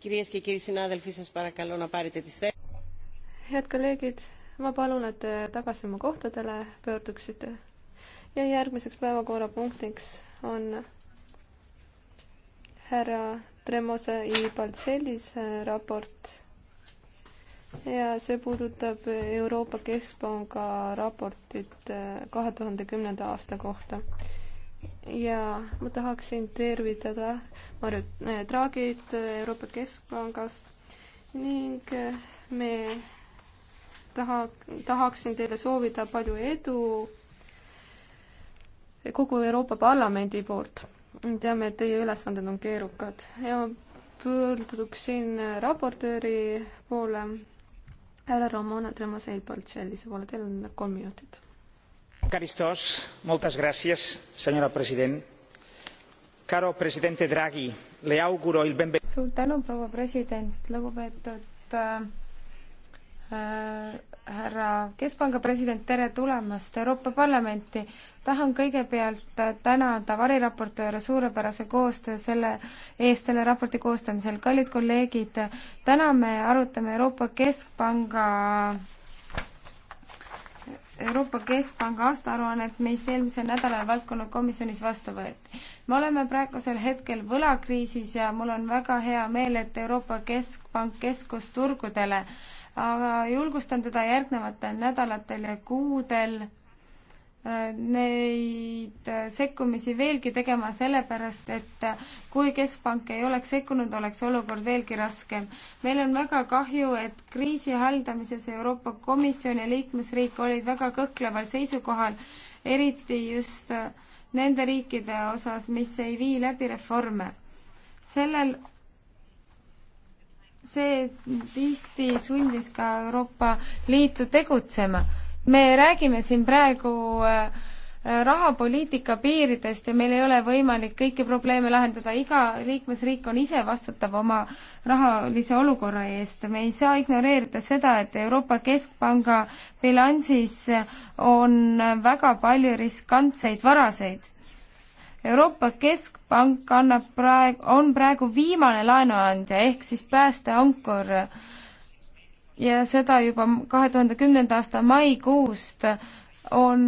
head kolleegid, ma palun, et te tagasi oma kohtadele pöörduksite. ja järgmiseks päevakorrapunktiks on härra Tremose I Balcellis raport ja see puudutab Euroopa Keskpanga raportit eh, kahe tuhande kümnenda aasta kohta ja ma tahaksin tervitada Marju äh, Draagit äh, Euroopa Keskpangast ning äh, me taha, tahaksin teile soovida palju edu kogu Euroopa Parlamendi poolt. teame, et teie ülesanded on keerukad ja pöörduksin raportööri poole, härra Ramona Tremosei poolt sellise poole, teil on kolm minutit señora presidenta caro presidente draghi le auguro il benvenuto. suur tänu proua president lugupeetud äh, äh, härra keskpanga president tere tulemast euroopa parlamenti tahan kõigepealt tänada variraportööre suurepärase koostöö selle eest selle raporti koostamisel kallid kolleegid täna me arutame euroopa keskpanga Euroopa Keskpanga aastaaruannet, mis eelmisel nädalal valdkonnakomisjonis vastu võeti. me oleme praegusel hetkel võlakriisis ja mul on väga hea meel, et Euroopa Keskpank keskus turgudele, aga julgustan teda järgnevatel nädalatel ja kuudel neid sekkumisi veelgi tegema, sellepärast et kui Keskpank ei oleks sekkunud, oleks olukord veelgi raskem. meil on väga kahju, et kriisi haldamises Euroopa Komisjon ja liikmesriik olid väga kõhkleval seisukohal, eriti just nende riikide osas, mis ei vii läbi reforme. sellel see tihti sundis ka Euroopa Liitu tegutsema me räägime siin praegu äh, äh, rahapoliitika piiridest ja meil ei ole võimalik kõiki probleeme lahendada, iga liikmesriik on ise vastutav oma rahalise olukorra eest. me ei saa ignoreerida seda, et Euroopa Keskpanga bilansis on väga palju riskantseid varaseid. Euroopa Keskpank annab praegu, on praegu viimane laenuandja ehk siis päästeankur äh, ja seda juba kahe tuhande kümnenda aasta maikuust on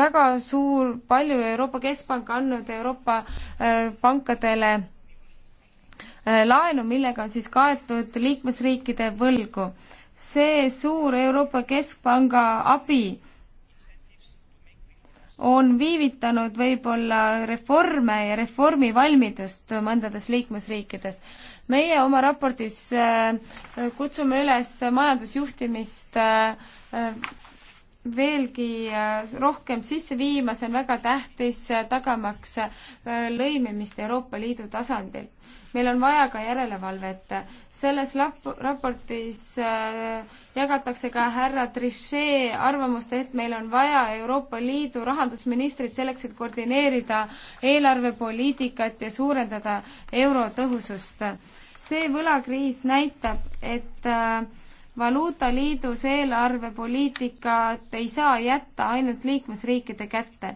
väga suur, palju Euroopa Keskpank andnud Euroopa äh, pankadele äh, laenu, millega on siis kaetud liikmesriikide võlgu. see suur Euroopa Keskpanga abi on viivitanud võib-olla reforme ja reformivalmidust mõndades liikmesriikides. meie oma raportis äh, kutsume üles majandusjuhtimist äh, veelgi äh, rohkem sisse viima, see on väga tähtis, tagamaks lõimimist Euroopa Liidu tasandil. meil on vaja ka järelevalvet selles lap-, raportis äh, jagatakse ka härra Trichet arvamust, et meil on vaja Euroopa Liidu rahandusministrit selleks, et koordineerida eelarvepoliitikat ja suurendada euro tõhusust. see võlakriis näitab, et äh, valuutaliidus eelarvepoliitikat ei saa jätta ainult liikmesriikide kätte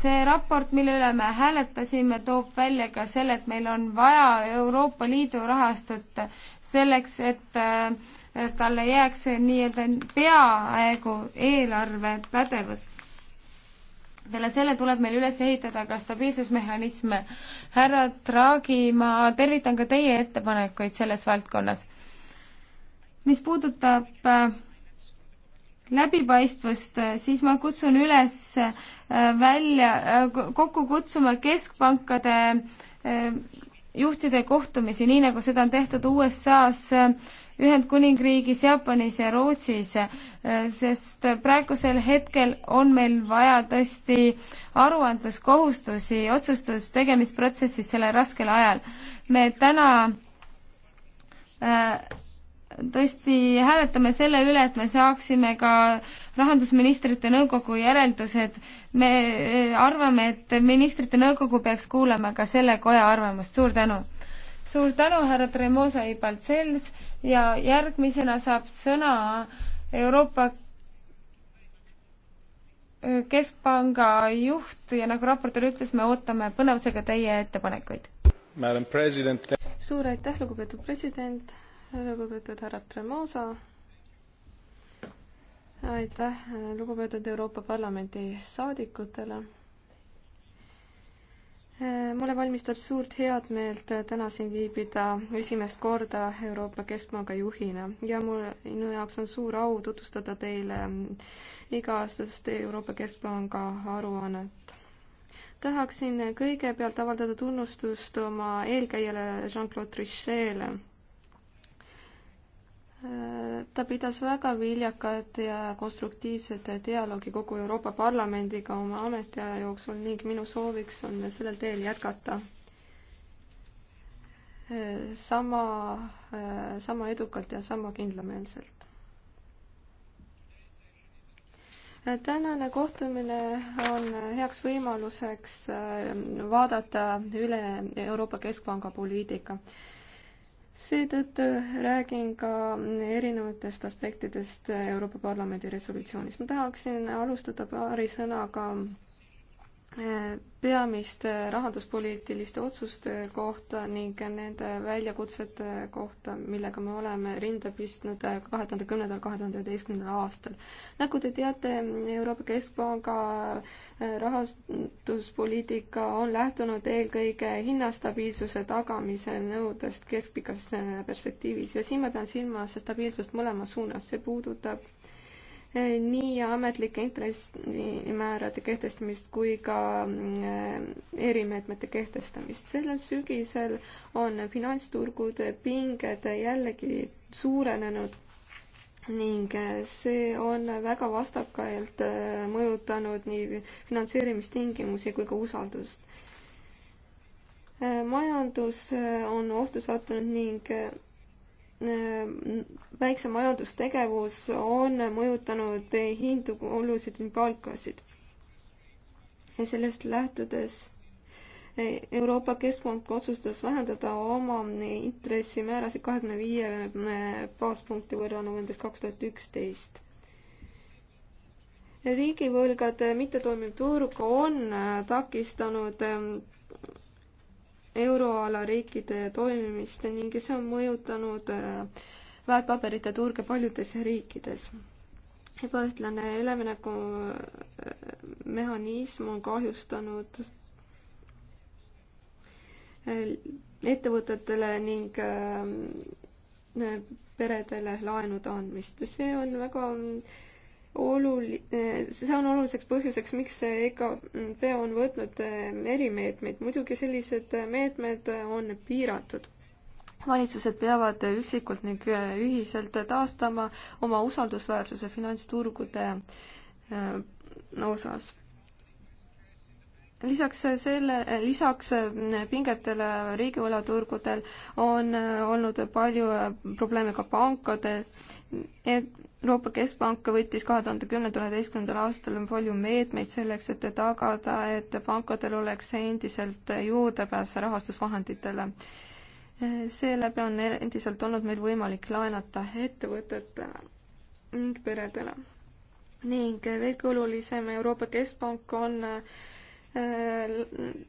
see raport, mille üle me hääletasime, toob välja ka selle, et meil on vaja Euroopa Liidu rahastut selleks, et äh, talle jääks nii-öelda peaaegu eelarvepädevus. peale selle tuleb meil üles ehitada ka stabiilsusmehhanisme. härra Draghi, ma tervitan ka teie ettepanekuid selles valdkonnas. mis puudutab äh, läbipaistvust, siis ma kutsun üles äh, välja, äh, kokku kutsuma keskpankade äh, juhtide kohtumisi, nii nagu seda on tehtud USA-s, Ühendkuningriigis, Jaapanis ja Rootsis, sest praegusel hetkel on meil vaja tõesti aruandluskohustusi otsustustegemisprotsessis sellel raskel ajal. me täna äh, tõesti hääletame selle üle, et me saaksime ka rahandusministrite nõukogu järeldused. me e, arvame, et ministrite nõukogu peaks kuulama ka selle koja arvamust, suur tänu. suur tänu, härra Tremosa Ibaltsels ja järgmisena saab sõna Euroopa e, Keskpanga juht ja nagu raportöör ütles, me ootame põnevusega teie ettepanekuid. suur aitäh, lugupeetud president lugupeetud härra Tremosa. aitäh lugupeetud Euroopa Parlamendi saadikutele. mulle valmistab suurt headmeelt täna siin viibida esimest korda Euroopa Keskpanga juhina ja mul, minu jaoks on suur au tutvustada teile iga-aastast Euroopa Keskpanga aruannet tahaksin kõigepealt avaldada tunnustust oma eelkäijale Jean-Claude Trichet'le ta pidas väga viljakat ja konstruktiivset dialoogi kogu Euroopa Parlamendiga oma ametiaja jooksul ning minu sooviks on sellel teel jätkata. sama, sama edukalt ja sama kindlameelselt. tänane kohtumine on heaks võimaluseks vaadata üle Euroopa Keskpanga poliitika seetõttu räägin ka erinevatest aspektidest Euroopa Parlamendi resolutsioonis. ma tahaksin alustada paari sõnaga peamiste rahanduspoliitiliste otsuste kohta ning nende väljakutsete kohta, millega me oleme rinda pistnud kahe tuhande kümnendal, kahe tuhande üheteistkümnendal aastal. nagu te teate, Euroopa Keskpanga rahastuspoliitika on lähtunud eelkõige hinnastabiilsuse tagamise nõudest keskpikas perspektiivis ja siin ma pean silmas stabiilsust mõlemas suunas, see puudutab nii ametlike intressimäärade kehtestamist kui ka mm, erimeetmete kehtestamist. sellel sügisel on finantsturgude pinged jällegi suurenenud ning see on väga vastakailt äh, mõjutanud nii finantseerimistingimusi kui ka usaldust. Äh, majandus äh, on ohtu sattunud ning Äh, väiksem majandustegevus on mõjutanud hindu oluliselt ning palkasid. ja sellest lähtudes äh, Euroopa Keskpank otsustas vähendada oma intressimäärasid kahekümne viie äh, baaspunkti võrra novembrist kaks tuhat üksteist. riigivõlgade mittetoimiv turg on takistanud ähm, euroala riikide toimimist ning see on mõjutanud äh, väärtpaberite turge paljudes riikides. ebaühtlane üleminekumehhanism äh, on kahjustanud äh, ettevõtetele ning peredele laenude andmist. see on väga olul-, eh, see on oluliseks põhjuseks, miks EKP e on võtnud eh, erimeetmeid. muidugi sellised eh, meetmed on piiratud. valitsused peavad üksikult ning ühiselt taastama oma usaldusväärsuse finantsturgude osas lisaks selle, lisaks mm, pingetele riigivõlaturgudel on äh, olnud palju äh, probleeme ka pankades. Euroopa Keskpank võttis kahe tuhande kümnendal, üheteistkümnendal aastal palju meetmeid selleks, et tagada, et pankadel oleks endiselt juurdepääs rahastusvahenditele. seeläbi on endiselt olnud meil võimalik laenata ettevõtetele ning peredele. ning veelgi olulisem, Euroopa Keskpank on äh, Äh,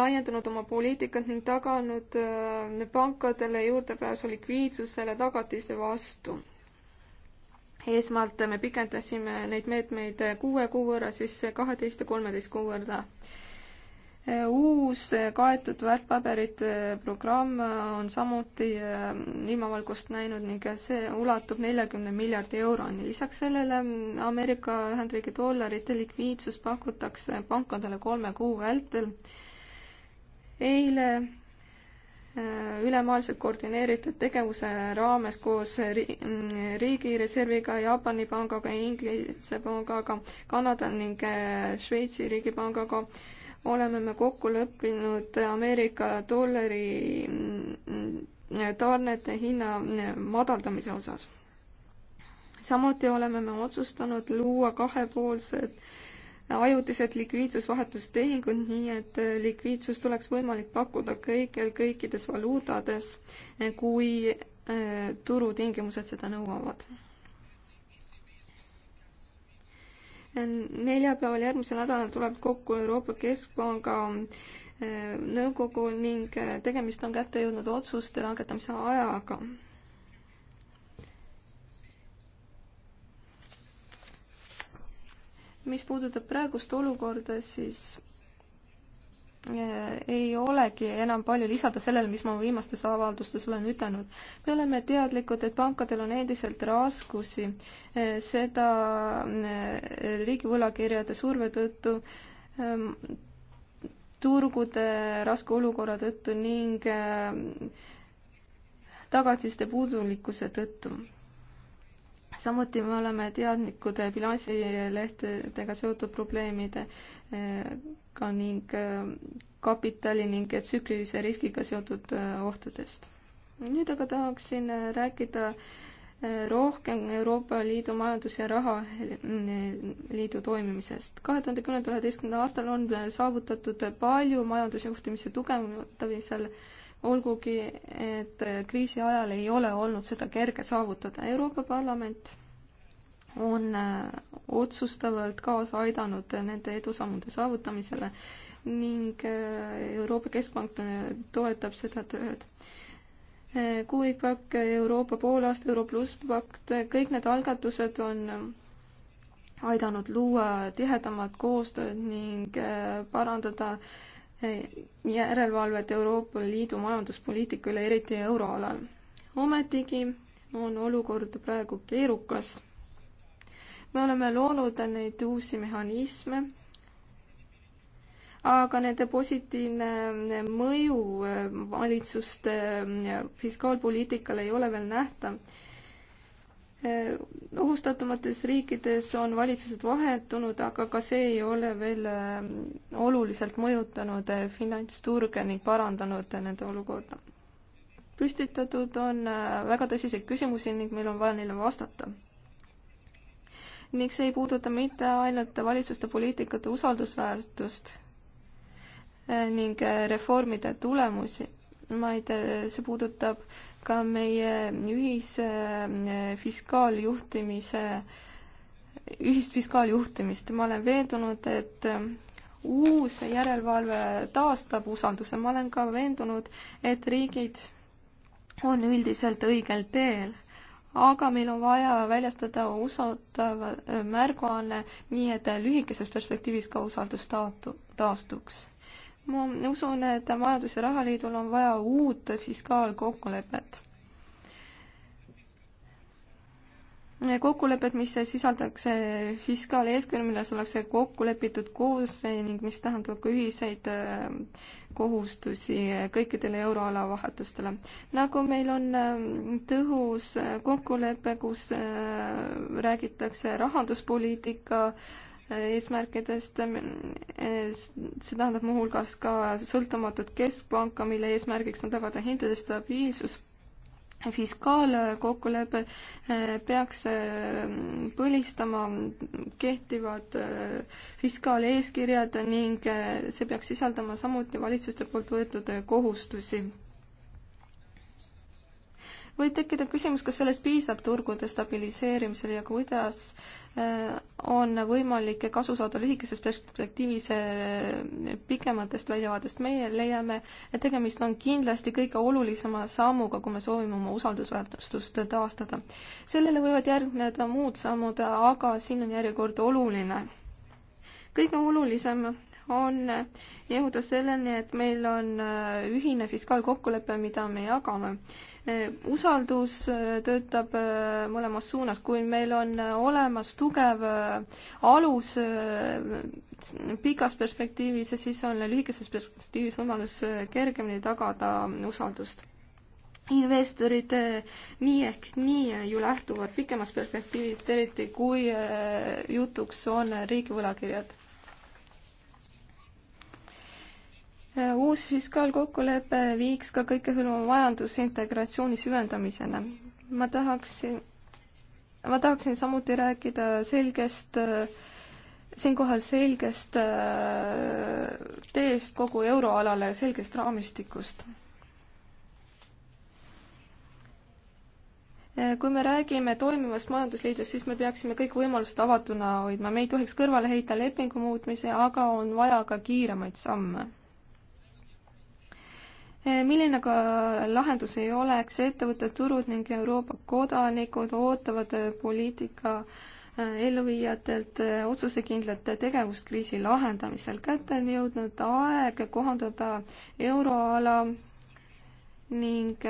laiendanud oma poliitikat ning taganud äh, pankadele juurdepääsu likviidsusele tagatiste vastu. esmalt me pikendasime neid meetmeid kuue kuu võrra, siis kaheteist ja kolmeteist kuu võrra uus eh, kaetud väärtpaberite eh, programm eh, on samuti ilmavalgust näinud ning see ulatub neljakümne miljardi euroni. lisaks sellele mm, Ameerika Ühendriigi dollarite likviidsus pakutakse pankadele kolme kuu vältel. eile ülemaailmselt koordineeritud tegevuse raames koos mm, Riigireserviga, Jaapani pangaga, Inglise pangaga, Kanada ning Šveitsi riigipangaga oleme me kokku leppinud Ameerika dollari mm, tarnete hinna mm, madaldamise osas. samuti oleme me otsustanud luua kahepoolsed ajutised likviidsusvahetustehingud, nii et likviidsust oleks võimalik pakkuda kõigil, kõikides valuutades, kui eh, turutingimused seda nõuavad neljapäeval järgmisel nädalal tuleb kokku Euroopa Keskpanga eh, nõukogu ning eh, tegemist on kätte jõudnud otsuste langetamise ajaga. mis puudutab praegust olukorda, siis ei olegi enam palju lisada sellele, mis ma viimastes avaldustes olen ütelnud. me oleme teadlikud, et pankadel on endiselt raskusi eh, seda eh, riigi võlakirjade surve tõttu, eh, turgude raske olukorra tõttu ning tagatiste puudulikkuse tõttu samuti me oleme teadnikud bilansilehtedega seotud probleemide ka ning äh, kapitali ning tsüklilise riskiga seotud äh, ohtudest. nüüd aga tahaksin äh, rääkida rohkem Euroopa Liidu Majandus- ja Rahaliidu toimimisest. kahe tuhande kümnenda, üheteistkümnendal aastal on saavutatud palju majandusjuhtimise tugevdamisel, olgugi et kriisi ajal ei ole olnud seda kerge saavutada. Euroopa Parlament on äh, otsustavalt kaasa aidanud nende edusammude saavutamisele ning äh, Euroopa Keskpank äh, toetab seda tööd. kuuikpakk, Euroopa poolaasta, Euro pluss pakt, kõik need algatused on aidanud luua tihedamat koostööd ning parandada järelevalvet Euroopa Liidu majanduspoliitika üle, eriti euroalal. ometigi on olukord praegu keerukas me oleme loonud neid uusi mehhanisme, aga nende positiivne mõju eh, valitsuste eh, fiskaalpoliitikale ei ole veel nähtav. Eh, ohustatumates riikides on valitsused vahetunud, aga ka see ei ole veel oluliselt mõjutanud finantsturge ning parandanud nende olukorda. püstitatud on väga tõsiseid küsimusi ning meil on vaja neile vastata ning see ei puuduta mitte ainult valitsuste poliitikate usaldusväärtust eh, ning eh, reformide tulemusi, vaid eh, see puudutab ka meie ühise fiskaaljuhtimise, ühist fiskaaljuhtimist. ma olen veendunud, et uus järelevalve taastab usalduse, ma olen ka veendunud, et riigid on üldiselt õigel teel aga meil on vaja väljastada usaldav äh, märguanne, nii et lühikeses perspektiivis ka usaldus taatu-, taastuks. ma usun, et Majandus- ja Rahaliidul on vaja uut fiskaalkokkulepet kokkulepet, mis sisaldaks eh, fiskaaleeskirja, milles ollakse kokku lepitud koos eh, ning mis tähendab ka ühiseid eh, kohustusi kõikidele euroala vahetustele. nagu meil on tõhus kokkulepe, kus räägitakse rahanduspoliitika eesmärkidest, see tähendab muuhulgas ka sõltumatut keskpanka, mille eesmärgiks on tagada hindade stabiilsus fiskaalkokkulepe eh, peaks eh, põlistama kehtivad eh, fiskaaleeskirjad ning see peaks sisaldama samuti valitsuste poolt võetud kohustusi võib tekkida küsimus, kas sellest piisab turgude stabiliseerimisel ja kuidas äh, on võimalik kasu saada lühikeses perspektiivis äh, pikematest väljavaadest. meie leiame, et tegemist on kindlasti kõige olulisema sammuga, kui me soovime oma usaldusväärtust taastada. sellele võivad järgneda muud sammud, aga siin on järjekord oluline. kõige olulisem on jõuda selleni, et meil on äh, ühine fiskaalkokkulepe, mida me jagame. Äh, usaldus äh, töötab mõlemas suunas, kui meil on olemas tugev alus pikas perspektiivis ja siis on lühikeses perspektiivis võimalus kergemini tagada usaldust investorid nii ehk nii ju lähtuvad pikemas perspektiivis, eriti kui jutuks on riigi võlakirjad Äh, uus fiskaalkokkulepe viiks ka kõikehõlma majandusintegratsiooni süvendamisena. ma tahaksin, ma tahaksin samuti rääkida selgest, äh, siinkohal selgest äh, teest kogu euroalale, selgest raamistikust kui me räägime toimivast majandusliidust, siis me peaksime kõik võimalused avatuna hoidma, me ei tohiks kõrvale heita lepingu muutmise, aga on vaja ka kiiremaid samme. Eh, milline ka lahendus ei oleks, ettevõtted, turud ning Euroopa kodanikud ootavad eh, poliitika eh, elluviijatelt otsusekindlat tegevust kriisi lahendamisel. kätte on jõudnud aeg kohandada euroala ning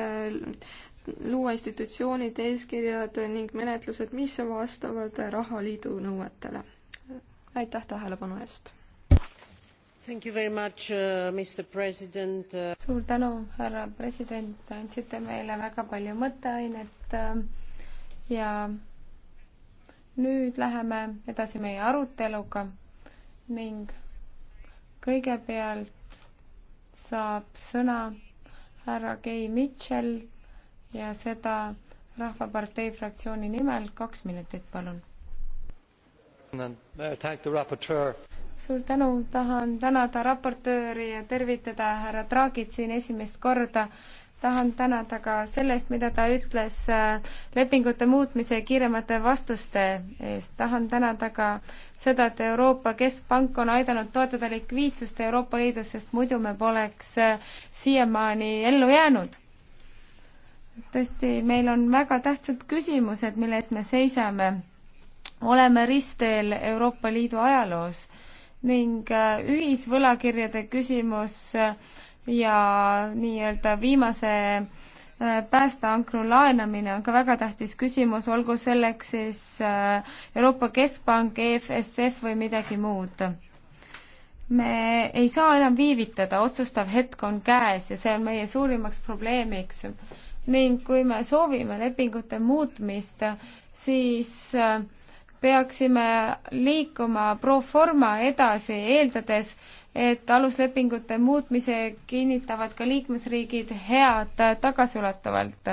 luua institutsioonid, eeskirjad ning menetlused, mis vastavad rahaliidu nõuetele. aitäh tähelepanu eest! Much, uh, uh, suur tänu, härra president, andsite meile väga palju mõtteainet äh, ja nüüd läheme edasi meie aruteluga ning kõigepealt saab sõna härra Gay Mitchell ja seda Rahvapartei fraktsiooni nimel kaks minutit, palun. tänan, uh, tänan raportöör suur tänu, tahan tänada raportööri ja tervitada härra Draagit siin esimest korda. tahan tänada ka sellest, mida ta ütles äh, lepingute muutmise ja kiiremate vastuste eest. tahan tänada ka seda, et Euroopa Keskpank on aidanud toetada likviidsust Euroopa Liidus, sest muidu me poleks äh, siiamaani ellu jäänud tõesti, meil on väga tähtsad küsimused, mille ees me seisame. oleme ristteel Euroopa Liidu ajaloos ning äh, ühisvõlakirjade küsimus äh, ja nii-öelda viimase äh, päästeankru laenamine on ka väga tähtis küsimus, olgu selleks siis Euroopa Keskpank, EFSF või midagi muud. me ei saa enam viivitada, otsustav hetk on käes ja see on meie suurimaks probleemiks. ning kui me soovime lepingute muutmist, siis äh, peaksime liikuma pro forma edasi, eeldades, et aluslepingute muutmise kinnitavad ka liikmesriigid head tagasiulatuvalt.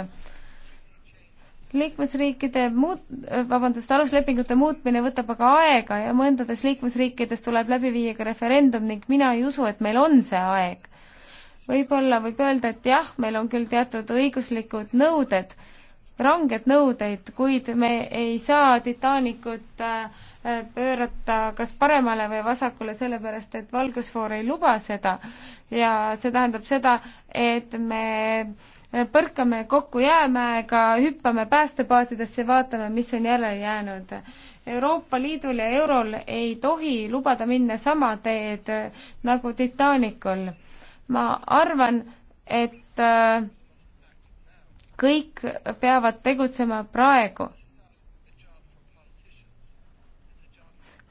liikmesriikide muut-, vabandust, aluslepingute muutmine võtab aga aega ja mõndades liikmesriikides tuleb läbi viia ka referendum ning mina ei usu, et meil on see aeg. võib-olla võib öelda, et jah, meil on küll teatud õiguslikud nõuded, ranged nõudeid, kuid me ei saa Titanicut äh, pöörata kas paremale või vasakule, sellepärast et valgusfoor ei luba seda. ja see tähendab seda, et me põrkame kokku jäämäega, hüppame päästepaatidesse, vaatame, mis on järele jäänud. Euroopa Liidul ja Eurol ei tohi lubada minna sama teed nagu Titanicul. ma arvan, et äh, kõik peavad tegutsema praegu.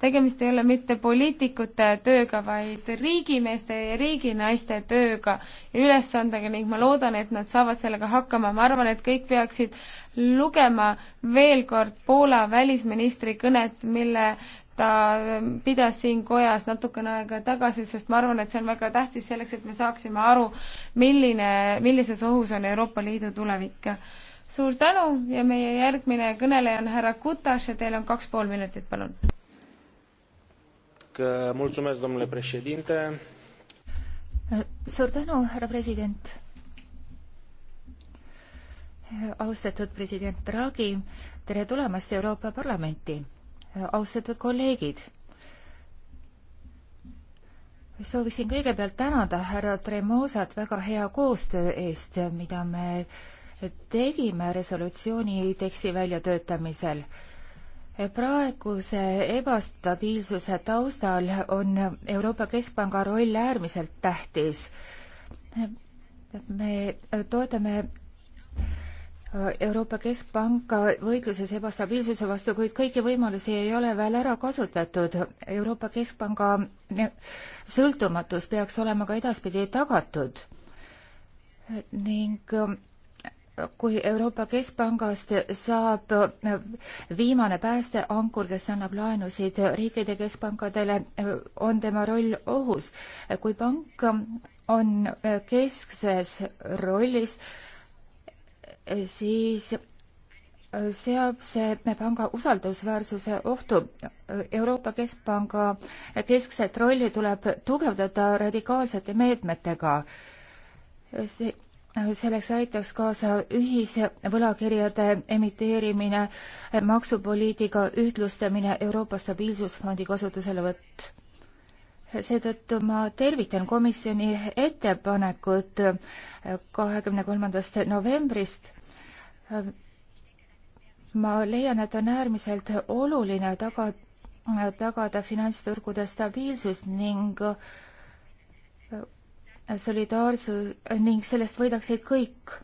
tegemist ei ole mitte poliitikute tööga, vaid riigimeeste ja riiginaiste tööga ja ülesandega ning ma loodan, et nad saavad sellega hakkama. ma arvan, et kõik peaksid lugema veel kord Poola välisministri kõnet, mille ta pidas siin kojas natukene aega tagasi, sest ma arvan, et see on väga tähtis selleks, et me saaksime aru, milline, millises ohus on Euroopa Liidu tulevik. suur tänu ja meie järgmine kõneleja on härra Kutas ja teil on kaks pool minutit, palun. suur tänu, härra president. austatud president Draghi, tere tulemast Euroopa Parlamenti austatud kolleegid! sooviksin kõigepealt tänada härra Tremosat väga hea koostöö eest, mida me tegime resolutsiooni teksti väljatöötamisel. praeguse ebastabiilsuse taustal on Euroopa Keskpanga roll äärmiselt tähtis. me toetame Euroopa Keskpanka võitluses ebastabiilsuse vastu, kuid kõiki võimalusi ei ole veel ära kasutatud. Euroopa Keskpanga sõltumatus peaks olema ka edaspidi tagatud ning kui Euroopa Keskpangast saab viimane päästeankur, kes annab laenusid riikide keskpankadele, on tema roll ohus. kui pank on keskses rollis, siis äh, seab see panga usaldusväärsuse ohtu. Euroopa Keskpanga keskset rolli tuleb tugevdada radikaalsete meetmetega. see, selleks aitaks kaasa ühisvõlakirjade emiteerimine, maksupoliitika ühtlustamine, Euroopa Stabiilsusfondi kasutuselevõtt seetõttu ma tervitan komisjoni ettepanekut kahekümne kolmandast novembrist. ma leian, et on äärmiselt oluline taga, tagada finantsturgude stabiilsus ning solidaarsus ning sellest võidaksid kõik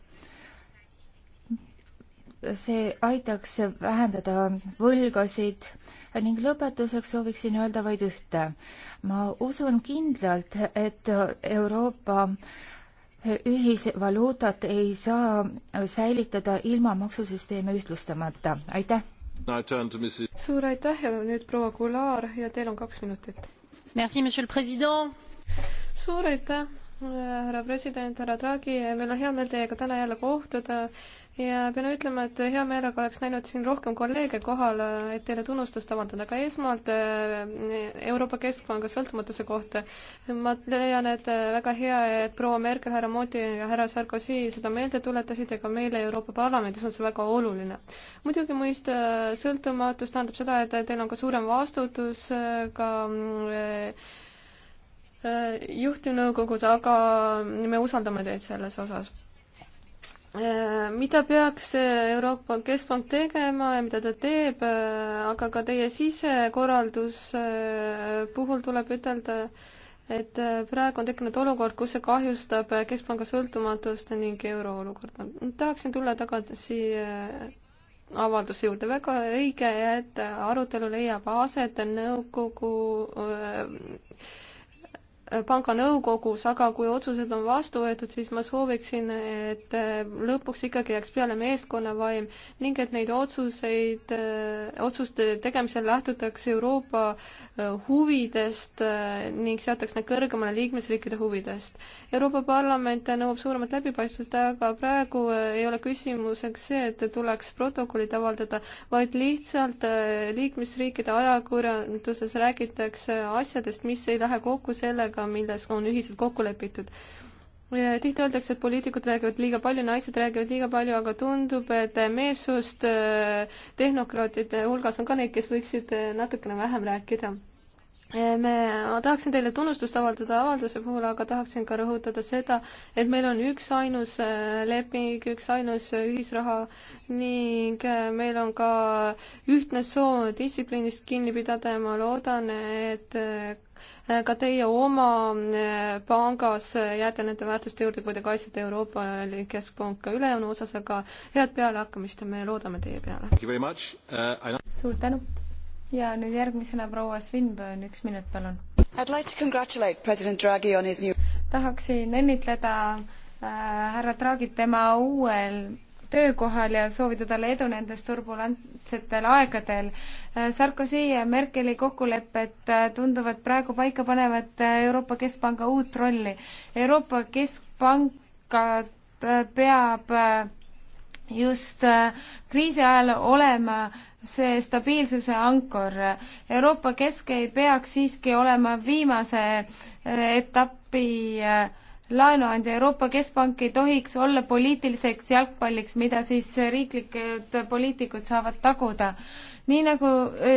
see aitaks vähendada võlgasid ning lõpetuseks sooviksin öelda vaid ühte. ma usun kindlalt, et Euroopa ühisvaluutat ei saa säilitada ilma maksusüsteeme ühtlustamata. aitäh! suur aitäh ja nüüd proua Goulart ja teil on kaks minutit. suur aitäh, härra president, härra Draghi, meil on hea meel teiega täna jälle kohtuda ja pean ütlema, et hea meelega oleks näinud siin rohkem kolleege kohal, et teile tunnustust avaldada, aga esmalt äh, Euroopa Keskpanga sõltumatuse kohta. ma leian, et äh, väga hea, et proua Merkel, härra Modi ja härra Sarkozy seda meelde tuletasid ja ka meile Euroopa Parlamendis on see väga oluline. muidugi mõista äh, sõltumatus tähendab seda, et teil on ka suurem vastutus ka juhtivnõukogus, aga me usaldame teid selles osas Äh, mida peaks äh, Euroopa Keskpank tegema ja mida ta teeb, äh, aga ka teie sisekorralduse puhul tuleb ütelda, et praegu on tekkinud olukord, kus see kahjustab keskpanga sõltumatust ning euro olukorda. tahaksin tulla tagasi avalduse juurde. väga õige, et arutelu leiab aset nõukogu panga nõukogus, aga kui otsused on vastu võetud, siis ma sooviksin, et eh, lõpuks ikkagi jääks peale meeskonnavaim ning et neid otsuseid, eh, otsuste tegemisel lähtutakse Euroopa eh, huvidest ning seatakse need kõrgemale liikmesriikide huvidest. Euroopa Parlament nõuab suuremat läbipaistvust, aga praegu ei ole küsimuseks see, et tuleks protokollid avaldada, vaid lihtsalt liikmesriikide ajakirjanduses räägitakse asjadest, mis ei lähe kokku sellega, sellega, milles on ühiselt kokku lepitud tihti öeldakse, et poliitikud räägivad liiga palju, naised räägivad liiga palju, aga tundub, et meelsust äh, tehnokraatide hulgas on ka neid, kes võiksid äh, natukene vähem rääkida. Äh, me, ma tahaksin teile tunnustust avaldada avalduse puhul, aga tahaksin ka rõhutada seda, et meil on üksainus leping, üksainus ühisraha ning meil on ka ühtne soov distsipliinist kinni pidada ja ma loodan, et ka teie oma äh, pangas äh, jääte nende väärtuste juurde, kui te kaitsete Euroopa Keskpanka ülejäänu osas, aga head pealehakkamist ja me loodame teie peale. Uh, I... suur tänu ja nüüd järgmisena proua Svinböön, üks minut, palun. I'd like to congratulate president Draghi on his new tahaksin õnnitleda äh, härra Draghit tema uuel töökohal ja soovida talle edu nendes turbulentsetel aegadel. Sarkozy ja Merkeli kokkulepped tunduvad praegu paika panevat Euroopa Keskpanga uut rolli. Euroopa Keskpangad peab just kriisi ajal olema see stabiilsuse ankur. Euroopa Kesk ei peaks siiski olema viimase etappi äh, laenuandja Euroopa Keskpank ei tohiks olla poliitiliseks jalgpalliks, mida siis riiklikud poliitikud saavad taguda. nii nagu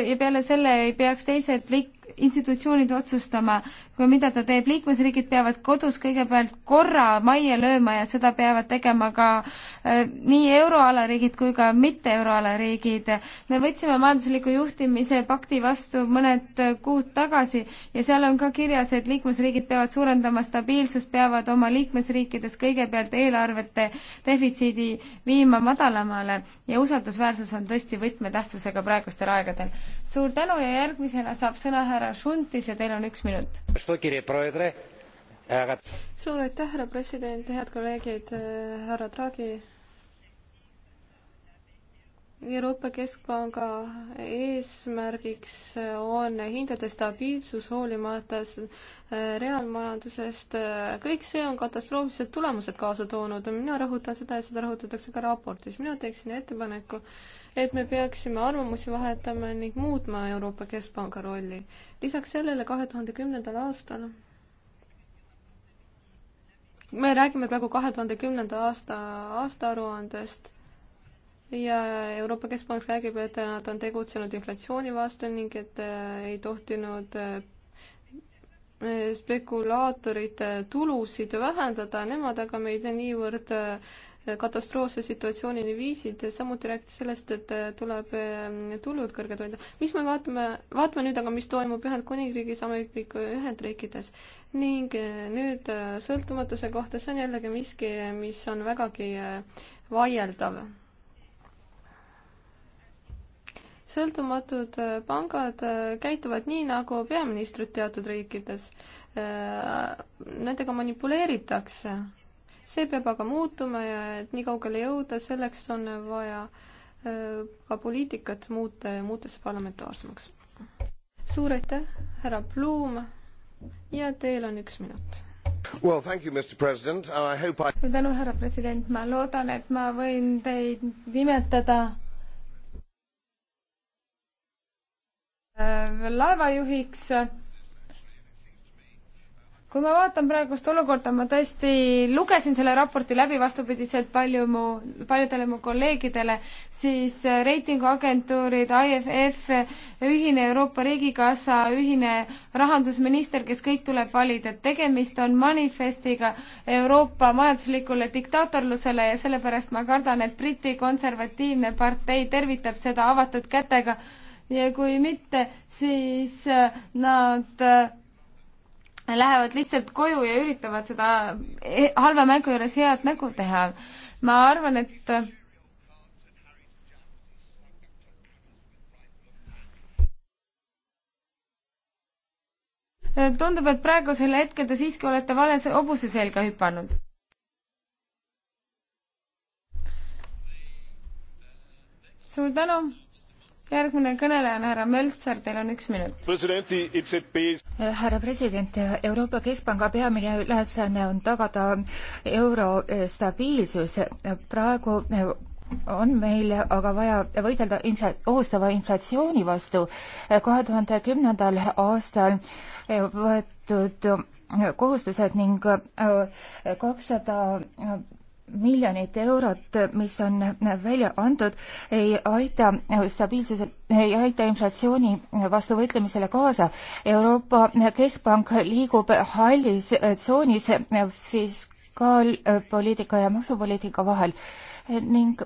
ja peale selle ei peaks teised liik-, institutsioonid otsustama, või mida ta teeb, liikmesriigid peavad kodus kõigepealt korra majja lööma ja seda peavad tegema ka äh, nii euroala riigid kui ka mitte euroala riigid. me võtsime majandusliku juhtimise pakti vastu mõned äh, kuud tagasi ja seal on ka kirjas, et liikmesriigid peavad suurendama stabiilsust, peavad oma liikmesriikides kõigepealt eelarvete defitsiidi viima madalamale ja usaldusväärsus on tõesti võtmetähtsusega praegustel aegadel. suur tänu ja järgmisena saab sõna härra Šuntis ja teil on üks minut suur aitäh, härra president, head kolleegid, äh, härra Draghi. Euroopa Keskpanga eesmärgiks on hindade stabiilsus hoolimata äh, reaalmajandusest. kõik see on katastroofilised tulemused kaasa toonud. mina rõhutan seda ja seda rõhutatakse ka raportis. mina teeksin ettepaneku äh, et me peaksime arvamusi vahetama ning muutma Euroopa Keskpanga rolli. lisaks sellele kahe tuhande kümnendal aastal me räägime praegu kahe tuhande kümnenda aasta aastaaruandest ja Euroopa Keskpank räägib, et nad on tegutsenud inflatsiooni vastu ning et äh, ei tohtinud äh, spekulaatorite tulusid vähendada, nemad aga meid niivõrd äh, katastroofse situatsioonini viisid, samuti räägiti sellest, et äh, tuleb ähm, tulud kõrged hoida. mis me vaatame, vaatame nüüd aga, mis toimub Ühendkuningriigis, Ameerika Ühendriikides ning äh, nüüd äh, sõltumatuse kohta, see on jällegi miski, mis on vägagi vaieldav. sõltumatud pangad käituvad nii, nagu peaministrid teatud riikides. Nendega manipuleeritakse see peab aga muutuma ja et nii kaugele jõuda, selleks on vaja äh, ka poliitikat muuta ja muuta see parlamentaarsemaks. suur aitäh, härra Blum ja teil on üks minut Well, you, I... tänu härra president ma loodan et ma võin teid nimetada äh, laevajuhiks kui ma vaatan praegust olukorda, ma tõesti lugesin selle raporti läbi vastupidiselt palju mu, paljudele mu kolleegidele, siis äh, reitinguagentuurid, IFF, ühine Euroopa Riigikassa, ühine rahandusminister, kes kõik tuleb valida, et tegemist on manifestiga Euroopa majanduslikule diktaatorlusele ja sellepärast ma kardan, et Briti konservatiivne partei tervitab seda avatud kätega ja kui mitte, siis äh, nad äh, lähevad lihtsalt koju ja üritavad seda eh, halva mängu juures head nägu teha. ma arvan, et eh, tundub, et praegusel hetkel te siiski olete vale hobuse selga hüpanud. suur tänu. järgmine kõneleja on härra Möltser, teil on üks minut. presidendi ECB härra president, Euroopa Keskpanga peamine ülesanne on tagada euro eh, stabiilsus. praegu eh, on meil aga vaja võidelda infla-, ohustava inflatsiooni vastu. kahe tuhande kümnendal aastal eh, võetud kohustused ning kakssada 200 miljonit eurot, mis on välja antud, ei aita stabiilsuse, ei aita inflatsiooni vastu võitlemisele kaasa. Euroopa Keskpank liigub hallis tsoonis fiskaalpoliitika ja maksupoliitika vahel ning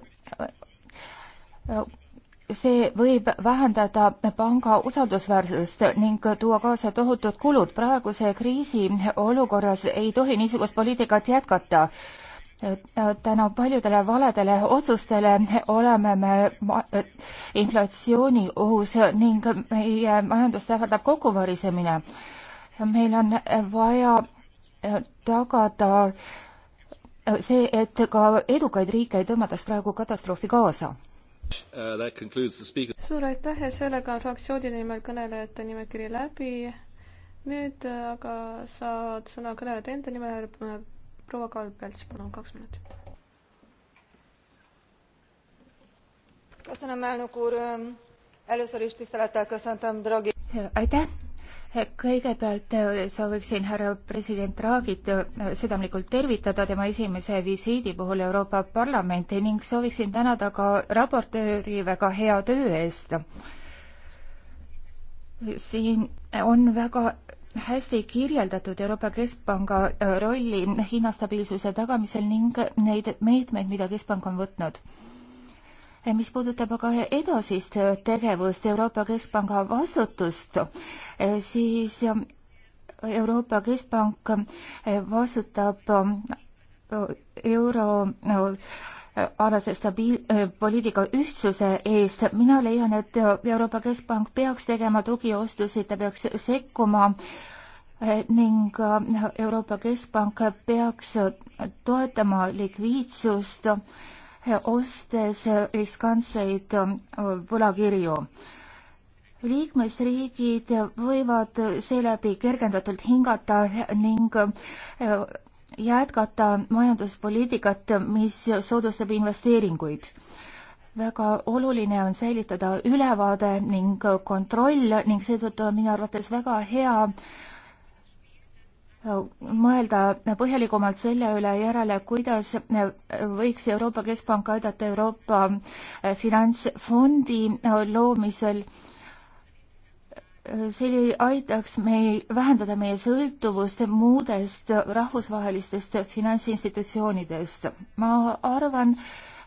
see võib vähendada panga usaldusväärsust ning tuua kaasa tohutud kulud. praeguse kriisi olukorras ei tohi niisugust poliitikat jätkata tänu paljudele valedele otsustele oleme me inflatsiooni ohus ning meie majandust ähvardab kokkuvarisemine. meil on vaja tagada see, et ka edukaid riike ei tõmmataks praegu katastroofi kaasa. Uh, suur aitäh ja sellega on fraktsiooni nimel kõnelejate nimekiri läbi. nüüd aga saad sõna kõnelejate enda nimel, proua Kalpelts, palun kaks minutit. aitäh, kõigepealt eh, sooviksin härra president Draagit eh, südamlikult tervitada tema esimese visiidi puhul Euroopa Parlamenti ning sooviksin tänada ka raportööri väga hea töö eest. siin on väga hästi kirjeldatud Euroopa Keskpanga äh, rolli hinnastabiilsuse tagamisel ning neid meetmeid, mida Keskpank on võtnud. mis puudutab aga edasist tegevust Euroopa Keskpanga vastutust, äh, siis äh, Euroopa Keskpank vastutab euro no, alase stabiil-, äh, poliitika ühtsuse eest, mina leian, et Euroopa Keskpank peaks tegema tugiostusid, ta peaks sekkuma äh, ning äh, Euroopa Keskpank peaks toetama likviidsust, ostes riskantseid võlakirju liikmesriigid võivad seeläbi kergendatult hingata ning jätkata majanduspoliitikat, mis soodustab investeeringuid. väga oluline on säilitada ülevaade ning kontroll ning seetõttu on minu arvates väga hea mõelda põhjalikumalt selle üle järele, kuidas võiks Euroopa Keskpank aidata Euroopa finantsfondi loomisel see aitaks meil vähendada meie sõltuvust muudest rahvusvahelistest finantsinstitutsioonidest. ma arvan,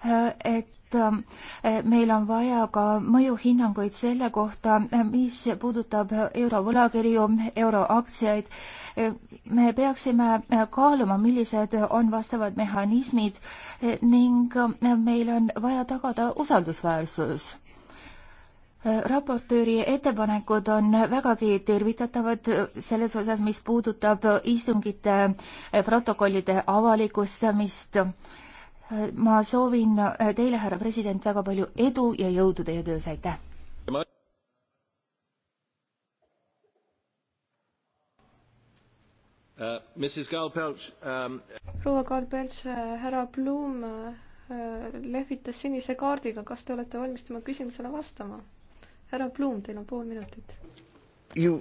äh, et äh, meil on vaja ka mõjuhinnanguid selle kohta, mis puudutab eurovõlakirju, euroaktsiaid. Äh, me peaksime kaaluma, millised on vastavad mehhanismid ning meil on vaja tagada usaldusväärsus raportööri ettepanekud on vägagi tervitatavad selles osas, mis puudutab istungite protokollide avalikustamist. ma soovin teile, härra president, väga palju edu ja jõudu teie töös, aitäh! Uh, um, proua Kalbelts, uh, härra Blum uh, lehvitas sinise kaardiga, kas te olete valmis tema küsimusele vastama? härra Blum, teil on pool minutit. You,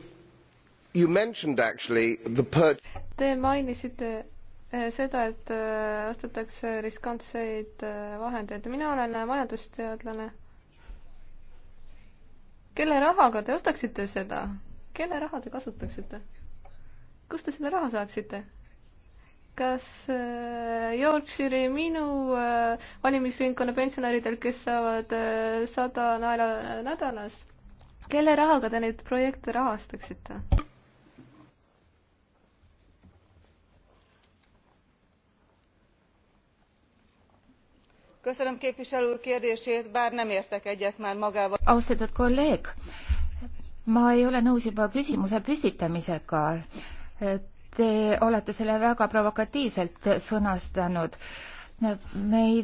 you mentioned actually the pur-. Te mainisite eh, seda, et eh, ostetakse riskantseid eh, vahendeid. mina olen majandusteadlane. kelle rahaga te ostaksite seda? kelle raha te kasutaksite? kust te selle raha saaksite? kas äh, Yorkshire'i minu äh, valimisringkonna pensionäridel, kes saavad äh, sada naela nädalas, kelle rahaga te neid projekte rahastaksite? köszönöm képviselő úr kérdését bár nem értek egyet már magával. austatud kolleeg ma ei ole nõus juba küsimuse püstitamisega Te olete selle väga provokatiivselt sõnastanud. me ei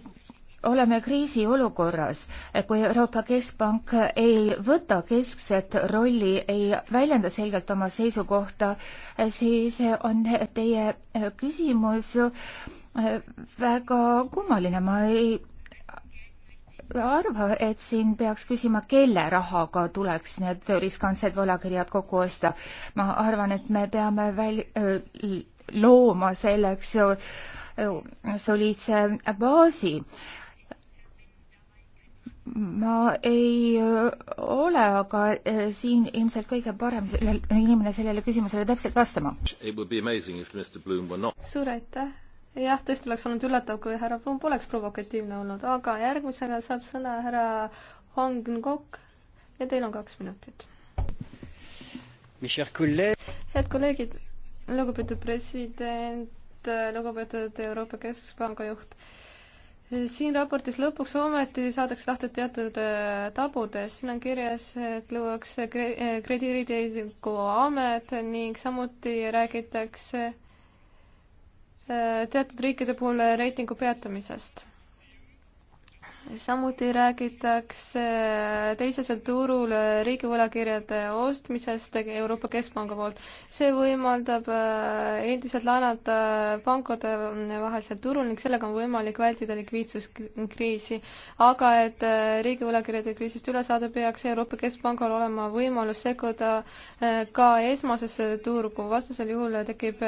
oleme kriisiolukorras, kui Euroopa Keskpank ei võta keskset rolli, ei väljenda selgelt oma seisukohta, siis on teie küsimus väga kummaline, ma ei arva, et siin peaks küsima, kelle rahaga tuleks need riskantsed võlakirjad kokku osta. ma arvan, et me peame väl-, äh, looma selleks äh, äh, soliidse baasi. ma ei ole aga siin ilmselt kõige parem sellel, inimene sellele küsimusele täpselt vastama. suur aitäh jah, tõesti oleks olnud üllatav, kui härra Blum poleks provokatiivne olnud, aga järgmisena saab sõna härra Hong Kong ja teil on kaks minutit. head kolleegid, lugupeetud president, lugupeetud Euroopa Keskpanga juht, siin raportis lõpuks ometi saadakse lahti teatud äh, tabudest, siin on kirjas, et luuakse äh, krediidireitingu amet ning samuti räägitakse Äh, teatud riikide puhul äh, reitingu peatamisest samuti räägitakse teisesel turul riigivõlakirjade ostmisest Euroopa Keskpanga poolt. see võimaldab äh, endiselt laenata äh, pankade vahelisel turul ning sellega on võimalik vältida likviidsuskriisi. aga et äh, riigivõlakirjade kriisist üle saada, peaks Euroopa Keskpangal olema võimalus sekkuda ka esmasesse turgu, vastasel juhul tekib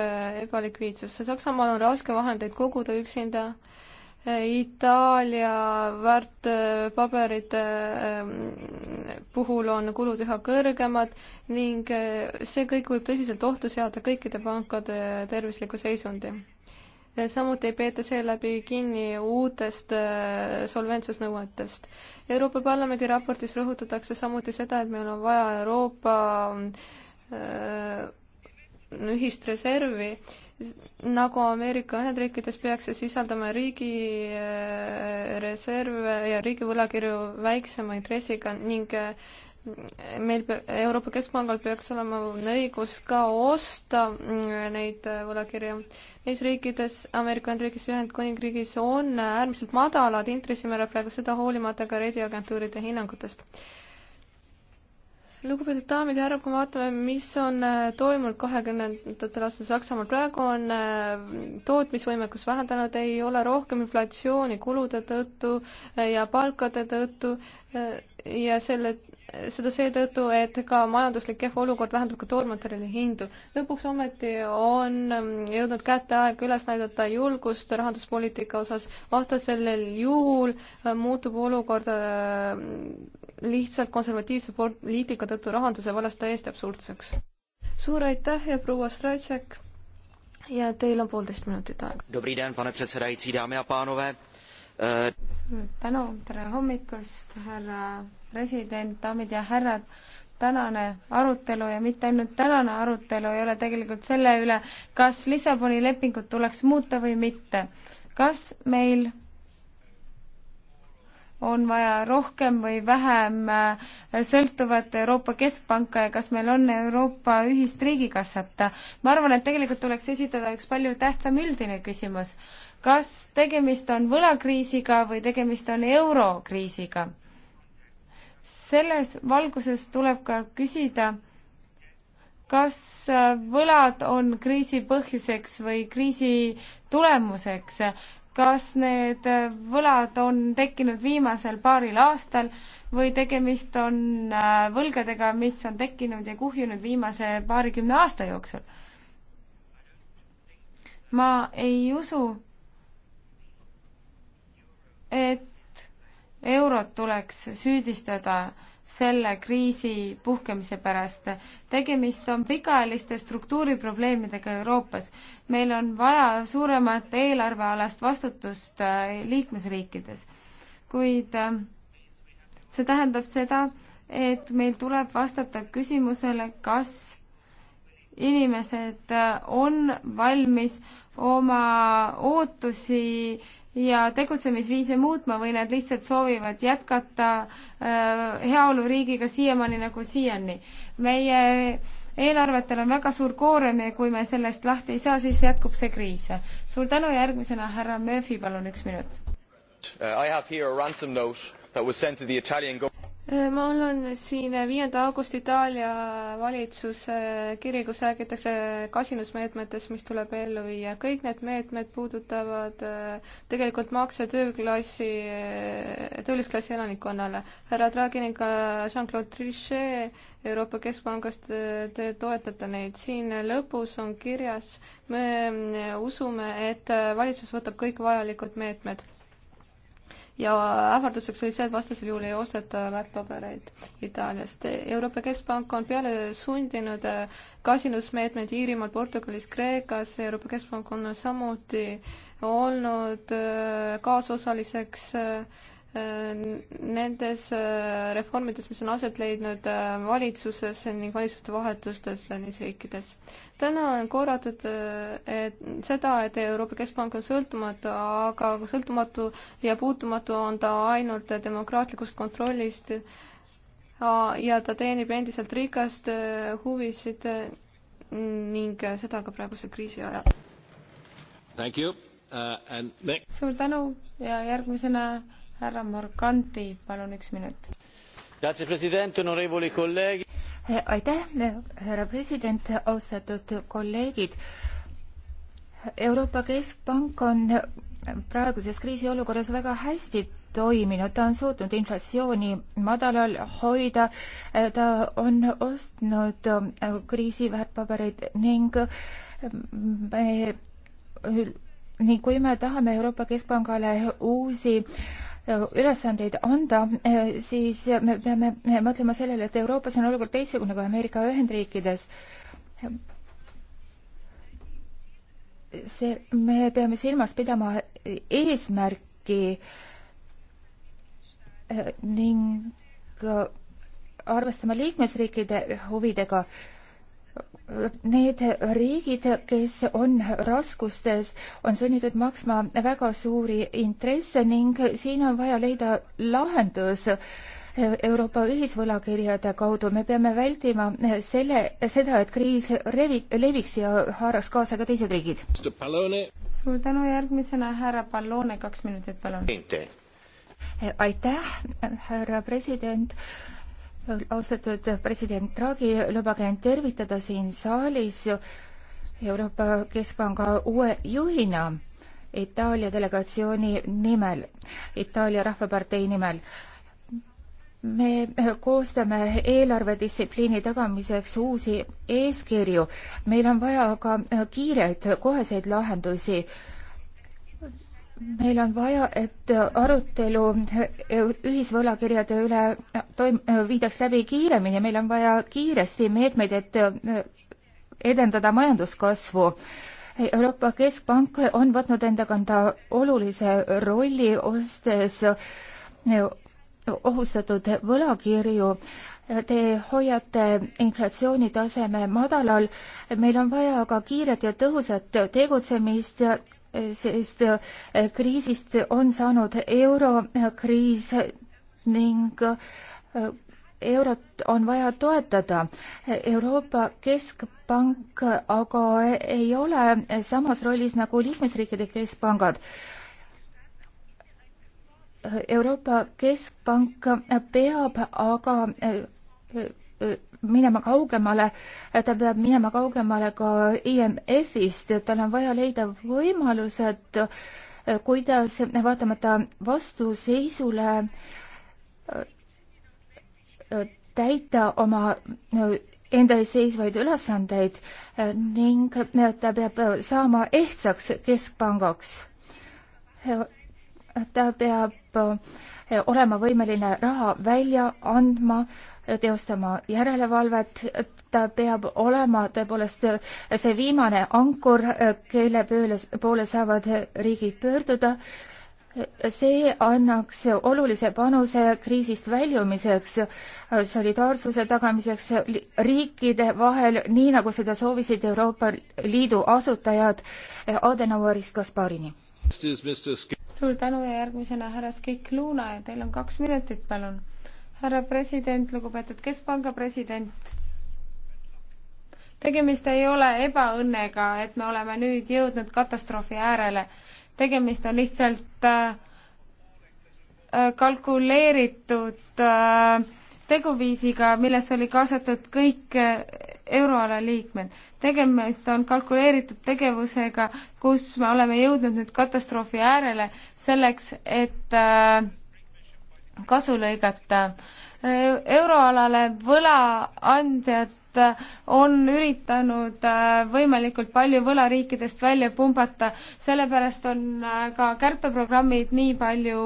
ebalikviidsus. Saksamaal on raske vahendeid koguda üksinda Itaalia väärtpaberite ehm, puhul on kulud üha kõrgemad ning eh, see kõik võib tõsiselt ohtu seada kõikide pankade tervisliku seisundi. Eh, samuti ei peeta seeläbi kinni uutest eh, solventsusnõuetest. Euroopa Parlamendi raportis rõhutatakse samuti seda, et meil on vaja Euroopa ühist reservi nagu Ameerika Ühendriikides peaks see sisaldama riigireserve äh, ja riigivõlakirju väiksema intressiga ning äh, meil Euroopa Keskpangal peaks olema õigus ka osta äh, neid võlakirju. Neis riikides, Ameerika Ühendriigis ja Ühendkuningriigis on äärmiselt madalad intressimäärad praegu, seda hoolimata ka reidiagentuuride hinnangutest lugupeetud daamid ja härrad, kui me vaatame, mis on äh, toimunud kahekümnendatel aastatel Saksamaal, praegu on äh, tootmisvõimekus vähendanud, ei ole rohkem inflatsiooni kulude tõttu äh, ja palkade tõttu ja selle seda seetõttu, et ka majanduslik kehv olukord vähendab ka toormaterjali hindu. lõpuks ometi on mm, jõudnud kätte aeg üles näidata julgust rahanduspoliitika osas, vastasel juhul äh, muutub olukord äh, lihtsalt konservatiivse poliitika tõttu rahanduse vallas täiesti absurdseks. suur aitäh ja proua Strajček ja teil on poolteist minutit aega. Dobrý den, pane předsedající, dámy a pánové. suur tänu, tere hommikust, härra president, daamid ja härrad, tänane arutelu ja mitte ainult tänane arutelu ei ole tegelikult selle üle, kas Lissaboni lepingut tuleks muuta või mitte. kas meil on vaja rohkem või vähem äh, sõltuvat Euroopa Keskpanka ja kas meil on Euroopa ühist riigikassat? ma arvan, et tegelikult tuleks esitada üks palju tähtsam üldine küsimus. kas tegemist on võlakriisiga või tegemist on eurokriisiga? selles valguses tuleb ka küsida, kas äh, võlad on kriisi põhjuseks või kriisi tulemuseks, kas need äh, võlad on tekkinud viimasel paaril aastal või tegemist on äh, võlgadega, mis on tekkinud ja kuhjunud viimase paarikümne aasta jooksul. ma ei usu, et eurot tuleks süüdistada selle kriisi puhkemise pärast. tegemist on pikaajaliste struktuuriprobleemidega Euroopas. meil on vaja suuremat eelarvealast vastutust äh, liikmesriikides, kuid äh, see tähendab seda, et meil tuleb vastata küsimusele, kas inimesed äh, on valmis oma ootusi ja tegutsemisviise muutma või nad lihtsalt soovivad jätkata äh, heaoluriigiga siiamaani nagu siiani. meie eelarvetel on väga suur koorem ja kui me sellest lahti ei saa, siis jätkub see kriis. suur tänu, järgmisena härra Murphy, palun üks minut. Uh, I have here a ransom note that was sent to the Italian government eh, mul on siin viienda augusti Itaalia valitsuse kiri, kus räägitakse kasinusmeetmetest, mis tuleb ellu viia. kõik need meetmed puudutavad eh, tegelikult makse tööklassi, eh, töölisklassi elanikkonnale. härra Draghi ning ka Jean-Claude Trichet Euroopa Keskpangast, te toetate neid. siin lõpus on kirjas, me usume, et valitsus võtab kõik vajalikud meetmed ja ähvarduseks oli see, et vastasel juhul ei osteta väärtpabereid Itaaliast. Euroopa Keskpank on peale sundinud äh, kasinusmeetmeid Iirimaal, Portugalis, Kreekas, Euroopa Keskpank on samuti olnud äh, kaasosaliseks äh, nendes äh, reformides, mis on aset leidnud äh, valitsuses ning valitsuste vahetustes liikmesriikides. täna on korratud äh, et seda, et Euroopa Keskpank on sõltumatu, aga sõltumatu ja puutumatu on ta ainult demokraatlikust kontrollist ja ta teenib endiselt rikast huvisid ning seda ka praeguse kriisi ajal. Uh, next... suur tänu ja järgmisena härra Morganti, palun üks minut. Eh, aitäh, härra president, austatud kolleegid. Euroopa Keskpank on praeguses kriisiolukorras väga hästi toiminud, ta on suutnud inflatsiooni madalal hoida, ta on ostnud äh, kriisi väärtpabereid ning äh, me, ning kui me tahame Euroopa Keskpangale uusi ülesandeid anda, eh, siis me peame mõtlema sellele, et Euroopas on olukord teistsugune kui Ameerika Ühendriikides. see, me peame silmas pidama eesmärki eh, ning arvestama liikmesriikide huvidega need riigid, kes on raskustes, on sunnitud maksma väga suuri intresse ning siin on vaja leida lahendus Euroopa ühisvõlakirjade kaudu. me peame vältima selle, seda, et kriis revi-, leviks ja haaraks kaasa ka teised riigid. suur tänu, järgmisena härra Pallone, kaks minutit, palun. aitäh, härra president austatud president Draghi, lubage end tervitada siin saalis Euroopa Keskpanga uue juhina Itaalia delegatsiooni nimel, Itaalia Rahvapartei nimel me koostame eelarvedistsipliini tagamiseks uusi eeskirju. meil on vaja ka kiireid koheseid lahendusi meil on vaja, et arutelu ühisvõlakirjade üle toim-, viidaks läbi kiiremini, meil on vaja kiiresti meetmeid, et edendada majanduskasvu. Euroopa Keskpank on võtnud enda kanda olulise rolli, ostes ohustatud võlakirju te hoiate inflatsiooni taseme madalal. meil on vaja aga kiiret ja tõhusat tegutsemist sest eh, kriisist on saanud eurokriis ning eh, eurot on vaja toetada. Euroopa Keskpank aga ei ole samas rollis nagu liikmesriikide keskpangad. Euroopa Keskpank peab aga eh, minema kaugemale, ta peab minema kaugemale ka IMF-ist, tal on vaja leida võimalused, eh, kuidas vaatamata vastuseisule eh, täita oma eh, enda ees seisvaid ülesandeid ning ta peab saama ehtsaks keskpangaks. ta peab olema võimeline raha välja andma teostama järelevalvet, ta peab olema tõepoolest see viimane ankur, kelle pööle, poole saavad riigid pöörduda. see annaks olulise panuse kriisist väljumiseks, solidaarsuse tagamiseks riikide vahel, nii nagu seda soovisid Euroopa Liidu asutajad Adenauerist Gasparini. suur tänu ja järgmisena härra Skik Luuna ja teil on kaks minutit, palun härra president, lugupeetud Keskpanga president. tegemist ei ole ebaõnnega, et me oleme nüüd jõudnud katastroofi äärele. tegemist on lihtsalt äh, äh kalkuleeritud äh, teguviisiga, millesse oli kaasatud kõik äh, euroala liikmed. tegemist on kalkuleeritud tegevusega, kus me oleme jõudnud nüüd katastroofi äärele selleks, et äh, kasu lõigata. euroalale võlaandjad on üritanud äh, võimalikult palju võlariikidest välja pumbata, sellepärast on äh, ka kärpeprogrammid nii palju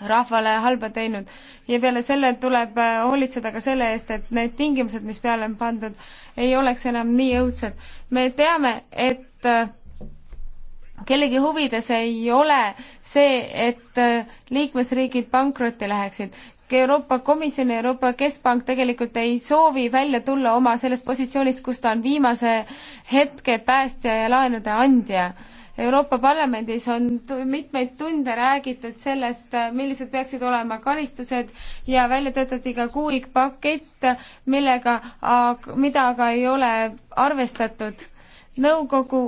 rahvale halba teinud ja peale selle tuleb äh, hoolitseda ka selle eest, et need tingimused, mis peale on pandud, ei oleks enam nii õudsed. me teame, et kellegi huvides ei ole see, et äh, liikmesriigid pankrotti läheksid. Euroopa Komisjon ja Euroopa Keskpank tegelikult ei soovi välja tulla oma sellest positsioonist, kus ta on viimase hetke päästja ja laenude andja Euroopa Parlamendis on mitmeid tunde räägitud sellest, äh, millised peaksid olema karistused ja välja töötati ka kuuik pakett, millega, mida aga ei ole arvestatud. nõukogu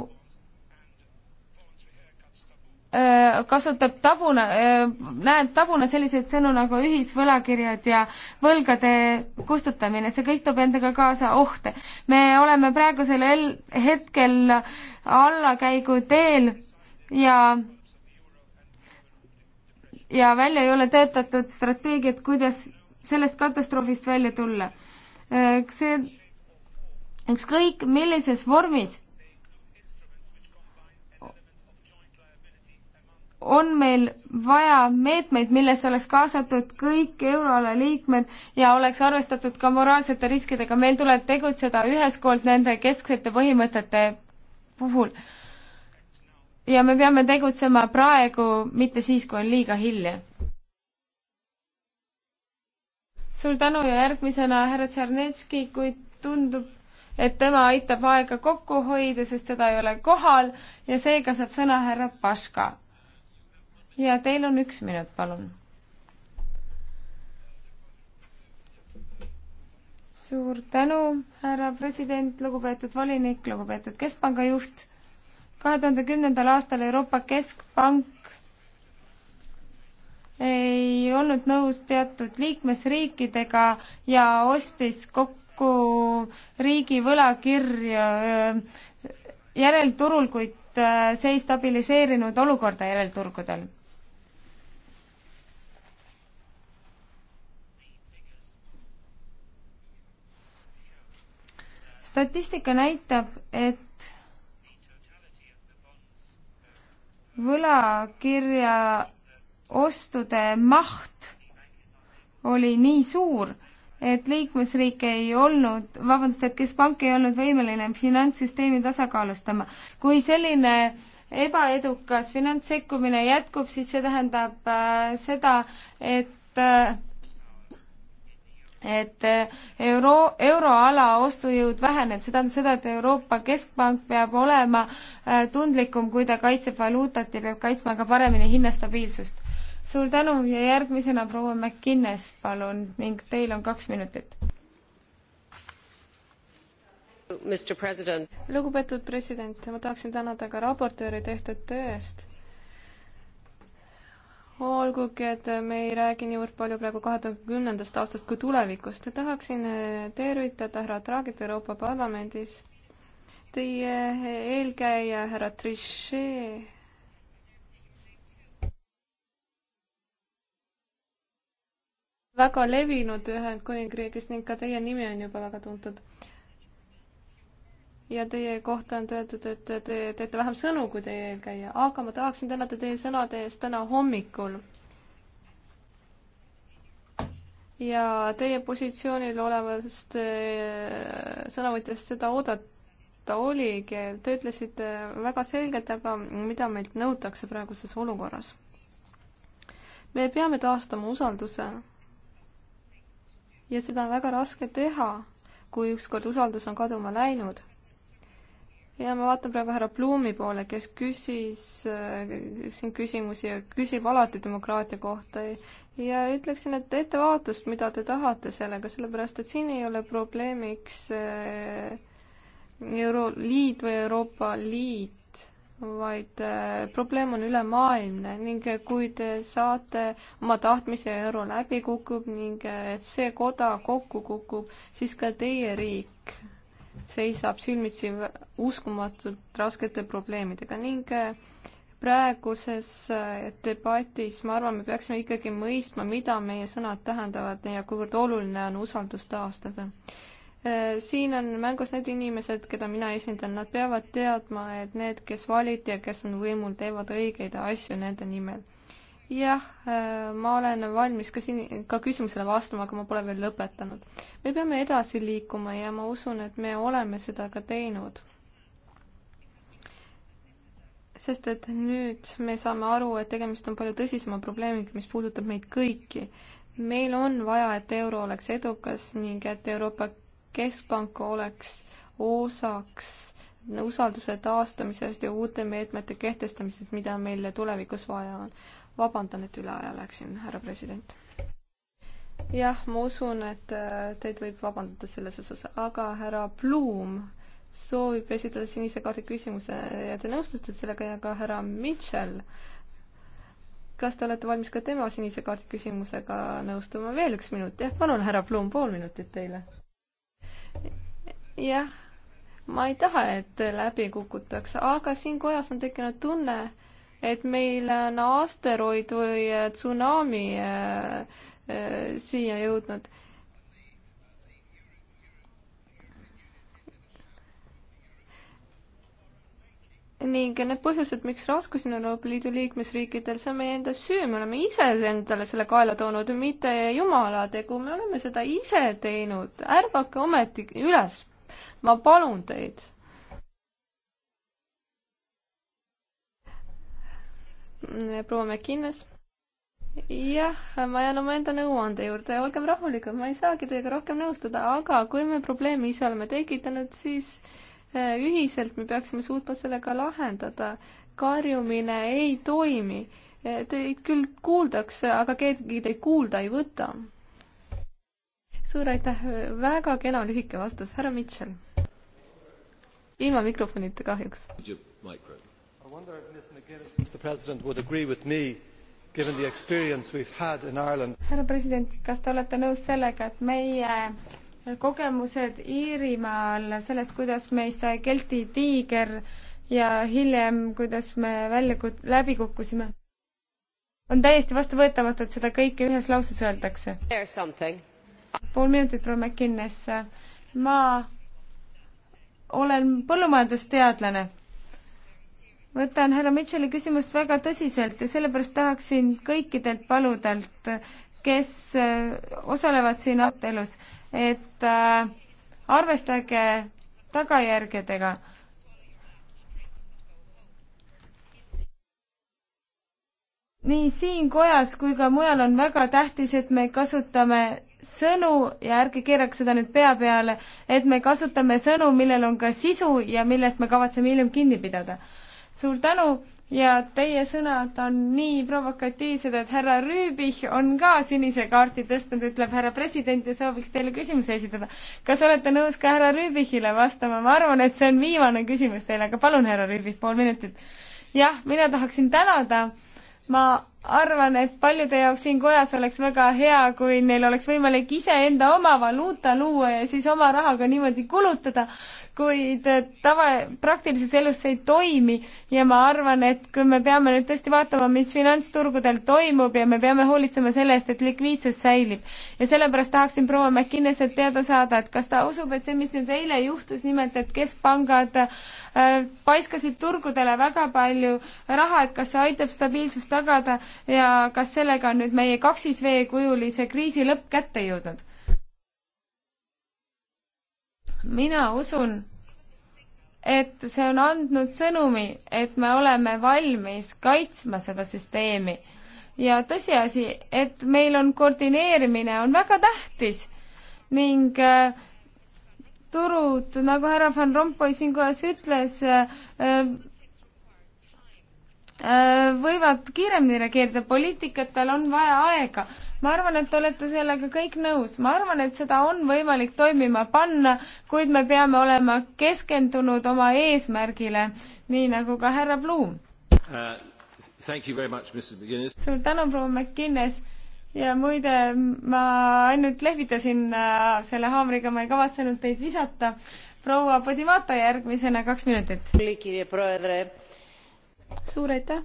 kasutab tabuna, näeb tabuna selliseid sõnu nagu ühisvõlakirjad ja võlgade kustutamine, see kõik toob endaga kaasa ohte. me oleme praegusel hetkel allakäigu teel ja ja välja ei ole töötatud strateegiat, kuidas sellest katastroofist välja tulla. see ükskõik millises vormis on meil vaja meetmeid, millesse oleks kaasatud kõik euroala liikmed ja oleks arvestatud ka moraalsete riskidega. meil tuleb tegutseda üheskoos nende kesksete põhimõtete puhul. ja me peame tegutsema praegu, mitte siis, kui on liiga hilja. suur tänu ja järgmisena härra Tšernetški, kui tundub, et tema aitab aega kokku hoida, sest teda ei ole kohal ja seega saab sõna härra Paška ja teil on üks minut, palun. suur tänu, härra president, lugupeetud volinik, lugupeetud keskpanga juht. kahe tuhande kümnendal aastal Euroopa Keskpank ei olnud nõus teatud liikmesriikidega ja ostis kokku riigi võlakirja järelturul, kuid see ei stabiliseerinud olukorda järelturgudel statistika näitab, et võlakirja ostude maht oli nii suur, et liikmesriik ei olnud, vabandust, et keskpank ei olnud võimeline finantssüsteemi tasakaalustama. kui selline ebaedukas finantssekkumine jätkub, siis see tähendab äh, seda, et äh, et eh, euro, euroala ostujõud väheneb, see tähendab seda, et Euroopa Keskpank peab olema eh, tundlikum, kui ta kaitseb valuutat ja peab kaitsma ka paremini hinnastabiilsust. suur tänu ja järgmisena proua McInnes, palun, ning teil on kaks minutit. lugupeetud president, ma tahaksin tänada ka raportööri tehtud töö eest olgugi, et me ei räägi niivõrd palju praegu kahe tuhande kümnendast aastast kui tulevikust. tahaksin eh, tervitada härra Draagit Euroopa Parlamendis. Teie eh, eelkäija härra Trichet väga levinud Ühendkuningriigis ning ka teie nimi on juba väga tuntud ja teie kohta on öeldud, et te teete vähem sõnu kui teie eelkäija, aga ma tahaksin tänada teie sõnade eest täna hommikul. ja teie positsioonil olevast eh, sõnavõtjast seda oodata oligi, te ütlesite väga selgelt, aga mida meilt nõutakse praeguses olukorras? me peame taastama usalduse ja seda on väga raske teha, kui ükskord usaldus on kaduma läinud ja ma vaatan praegu härra Blumi poole, kes küsis äh, siin küsimusi ja küsib alati demokraatia kohta ja ütleksin, et ettevaatust, mida te tahate sellega, sellepärast et siin ei ole probleemiks äh, Euroliit või Euroopa Liit, vaid äh, probleem on ülemaailmne ning kui te saate oma tahtmise euro läbi kukub ning et see koda kokku kukub, siis ka teie riik seisab silmitsi uskumatult raskete probleemidega ning äh, praeguses äh, debatis, ma arvan, me peaksime ikkagi mõistma, mida meie sõnad tähendavad ja kuivõrd oluline on usaldust taastada äh, siin on mängus need inimesed, keda mina esindan, nad peavad teadma, et need, kes valiti ja kes on võimul, teevad õigeid asju nende nimel jah, äh, ma olen valmis ka siin, ka küsimusele vastama, aga ma pole veel lõpetanud. me peame edasi liikuma ja ma usun, et me oleme seda ka teinud. sest et nüüd me saame aru, et tegemist on palju tõsisema probleemiga, mis puudutab meid kõiki. meil on vaja, et euro oleks edukas ning et Euroopa Keskpank oleks osaks usalduse taastamisest ja uute meetmete kehtestamisest, mida meil tulevikus vaja on vabandan, et üle aja läksin, härra president. jah, ma usun, et äh, teid võib vabandada selles osas, aga härra Blum soovib esitada sinise kaardi küsimuse ja te nõustute sellega ja ka härra Mitchell. kas te olete valmis ka tema sinise kaardi küsimusega nõustuma? veel üks minut, jah, palun, härra Blum, pool minutit teile. jah, ma ei taha, et läbi kukutakse, aga siin kojas on tekkinud tunne, et meil on asteroid või äh, tsunami äh, äh, siia jõudnud. ning need põhjused, miks raskusi on Euroopa Liidu liikmesriikidel, see on meie enda süü, me oleme ise endale selle kaela toonud, mitte jumala tegu, me oleme seda ise teinud, ärvake ometi üles. ma palun teid proua McInnes. jah, ma jään omaenda nõuande juurde, olgem rahulikud, ma ei saagi teiega rohkem nõustuda, aga kui me probleemi ise oleme tekitanud, siis eh, ühiselt me peaksime suutma selle ka lahendada. karjumine ei toimi. Eh, teid küll kuuldakse, aga keegi teid kuulda ei võta. suur aitäh, väga kena lühike vastus, härra Mitchell. ilma mikrofonita kahjuks. Micro wonder if Ms McGuinness, Mr President, would agree with me given the experience we've had in Ireland. härra president, kas te olete nõus sellega, et meie kogemused Iirimaal sellest, kuidas meist sai Kelti tiiger ja hiljem, kuidas me välja kut-, läbi kukkusime, on täiesti vastuvõetamatu, et seda kõike ühes lauses öeldakse. pool minutit, proua McInnes. ma olen põllumajandusteadlane võtan härra Mitchell'i küsimust väga tõsiselt ja sellepärast tahaksin kõikidelt paludelt, kes äh, osalevad siin arutelus, et äh, arvestage tagajärgedega nii siin kojas kui ka mujal on väga tähtis, et me kasutame sõnu ja ärge keeraks seda nüüd pea peale, et me kasutame sõnu, millel on ka sisu ja millest me kavatseme hiljem kinni pidada suur tänu ja teie sõnad on nii provokatiivsed, et härra Rüübich on ka sinise kaardi tõstnud, ütleb härra president ja sooviks teile küsimuse esitada. kas olete nõus ka härra Rüübichile vastama, ma arvan, et see on viimane küsimus teile, aga palun, härra Rüübich, pool minutit. jah, mina tahaksin tänada, ma arvan, et paljude jaoks siin kojas oleks väga hea, kui neil oleks võimalik iseenda oma valuuta luua ja siis oma rahaga niimoodi kulutada, kuid tava, praktilises elus see ei toimi ja ma arvan, et kui me peame nüüd tõesti vaatama, mis finantsturgudel toimub ja me peame hoolitsema selle eest, et likviidsus säilib. ja sellepärast tahaksin proua McKinniselt teada saada, et kas ta usub, et see, mis nüüd eile juhtus, nimelt et keskpangad äh, paiskasid turgudele väga palju raha, et kas see aitab stabiilsust tagada ja kas sellega on nüüd meie kaksisveekujulise kriisi lõpp kätte jõudnud? mina usun, et see on andnud sõnumi, et me oleme valmis kaitsma seda süsteemi ja tõsiasi, et meil on koordineerimine, on väga tähtis ning äh, turud, nagu härra Van Rompuy siin kohas ütles äh,, äh, võivad kiiremini reageerida, poliitikatel on vaja aega ma arvan, et olete sellega kõik nõus, ma arvan, et seda on võimalik toimima panna, kuid me peame olema keskendunud oma eesmärgile, nii nagu ka härra Blum uh,. suur tänu, proua McGuinness ja muide, ma ainult lehvitasin uh, selle haamriga, ma ei kavatsenud teid visata. proua Podimata järgmisena kaks minutit. suur aitäh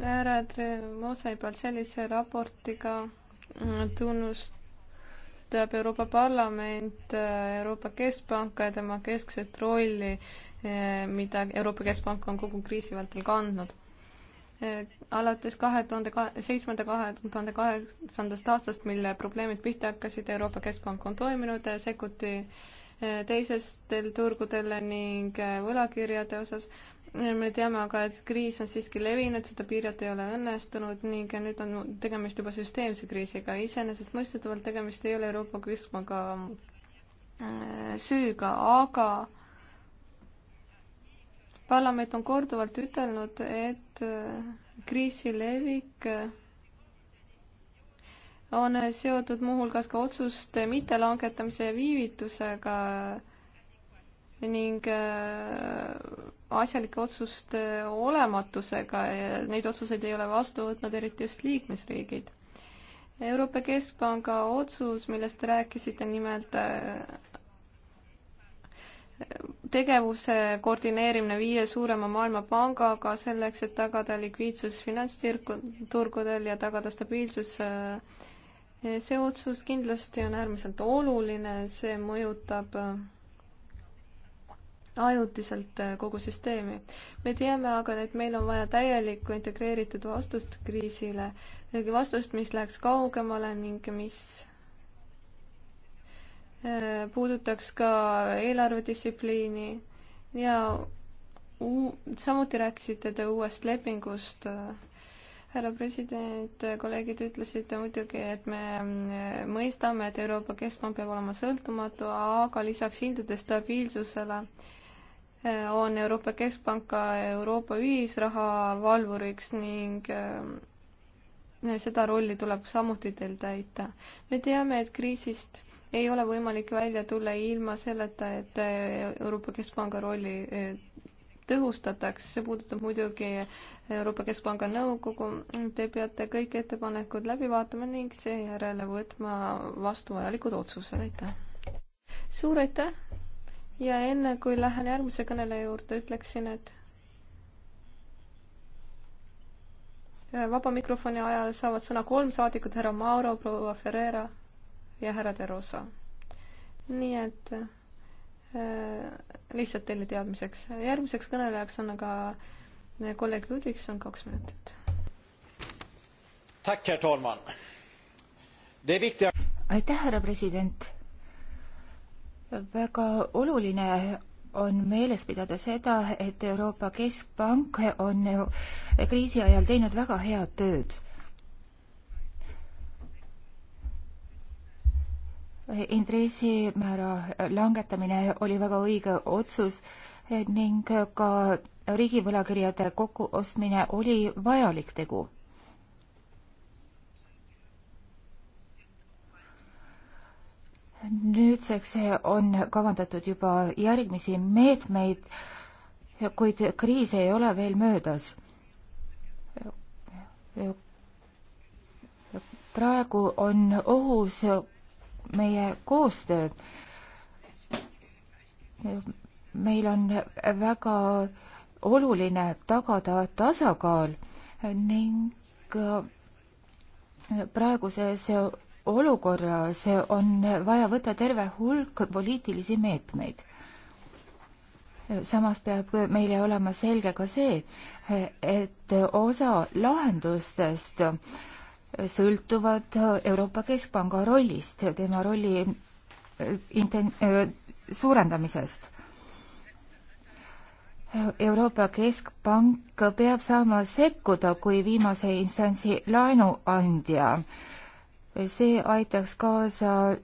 härra Tremosai poolt sellise raportiga äh, tunnustab Euroopa Parlament äh, Euroopa Keskpanka ja tema keskset rolli, äh, mida Euroopa Keskpank on kogu kriisi vältel kandnud alates kahe tuhande seitsmenda, kahe tuhande kaheksandast aastast, mille probleemid pihta hakkasid, Euroopa Keskpank on toiminud, sekkuti teisestel turgudel ning võlakirjade osas me teame aga, et kriis on siiski levinud, seda piirata ei ole õnnestunud ning nüüd on tegemist juba süsteemse kriisiga. iseenesestmõistetavalt tegemist ei ole Euroopa Keskpanga äh, süüga, aga parlament on korduvalt ütelnud, et äh, kriisi levik äh, on seotud muuhulgas ka otsuste mittelangetamise ja viivitusega ning äh, asjalike otsuste olematusega ja neid otsuseid ei ole vastu võtnud eriti just liikmesriigid. Euroopa Keskpanga otsus, millest te rääkisite, nimelt äh, tegevuse koordineerimine viie suurema maailmapangaga selleks, et tagada likviidsus finantsturgudel ja tagada stabiilsus. Äh, see otsus kindlasti on äärmiselt oluline, see mõjutab ajutiselt äh, kogu süsteemi. me teame aga, et meil on vaja täielikku integreeritud vastust kriisile, vastust, mis läheks kaugemale ning mis äh, puudutaks ka eelarvedistsipliini ja uu-, samuti rääkisite te uuest lepingust äh, härra president, kolleegid ütlesid muidugi, et me mõistame, et Euroopa Keskpank peab olema sõltumatu, aga lisaks hindade stabiilsusele äh, on Euroopa Keskpank ka Euroopa ühisraha valvuriks ning ähm, seda rolli tuleb samuti teil täita. me teame, et kriisist ei ole võimalik välja tulla ilma selleta, et äh, Euroopa Keskpanga rolli äh, tõhustataks, see puudutab muidugi Euroopa Keskpanga nõukogu, te peate kõik ettepanekud läbi vaatama ning seejärel võtma vastuvajalikud otsused, aitäh! suur aitäh! ja enne, kui lähen järgmise kõneleja juurde, ütleksin, et vaba mikrofoni ajal saavad sõna kolm saadikut, härra Mauro, proua Ferreira ja härra De Rosa. nii et äh, lihtsalt teile teadmiseks. järgmiseks kõnelejaks on aga kolleeg Ludvigson, kaks minutit. aitäh, härra president väga oluline on meeles pidada seda, et Euroopa Keskpank on kriisi ajal teinud väga head tööd. intressimäära langetamine oli väga õige otsus ning ka riigivõlakirjade kokkuostmine oli vajalik tegu nüüdseks on kavandatud juba järgmisi meetmeid, kuid kriis ei ole veel möödas. praegu on ohus meie koostöö. meil on väga oluline tagada tasakaal ning praeguses olukorras on vaja võtta terve hulk poliitilisi meetmeid. samas peab meile olema selge ka see, et osa lahendustest sõltuvad Euroopa Keskpanga rollist, tema rolli inten-, suurendamisest Euroopa Keskpank peab saama sekkuda kui viimase instantsi laenuandja see aitaks kaasa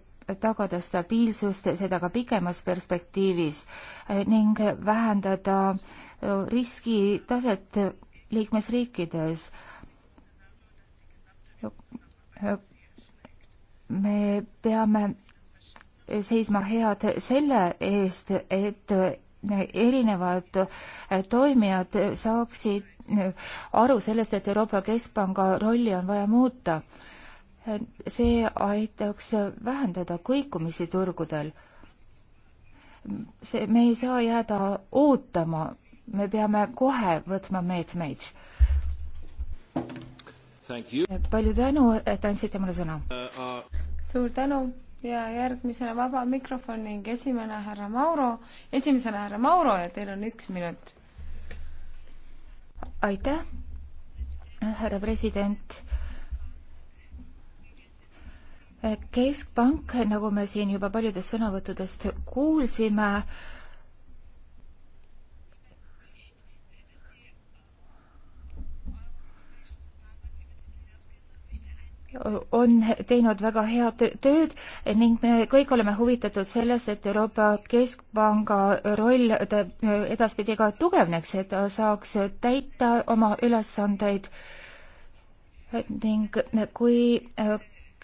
tagada stabiilsust, seda ka pikemas perspektiivis eh, ning vähendada eh, riskitaset liikmesriikides. Eh, me peame seisma head selle eest, et erinevad toimijad saaksid aru sellest, et Euroopa Keskpanga rolli on vaja muuta see aitaks vähendada kõikumisi turgudel. see, me ei saa jääda ootama, me peame kohe võtma meetmeid. palju tänu, et andsite mulle sõna uh,. Uh... suur tänu ja järgmisena vaba mikrofon ning esimene härra Mauro, esimesena härra Mauro ja teil on üks minut. aitäh, härra president keskpank, nagu me siin juba paljudest sõnavõttudest kuulsime, on teinud väga head tööd ning me kõik oleme huvitatud sellest, et Euroopa Keskpanga roll edaspidi ka tugevneks, et ta saaks täita oma ülesandeid ning kui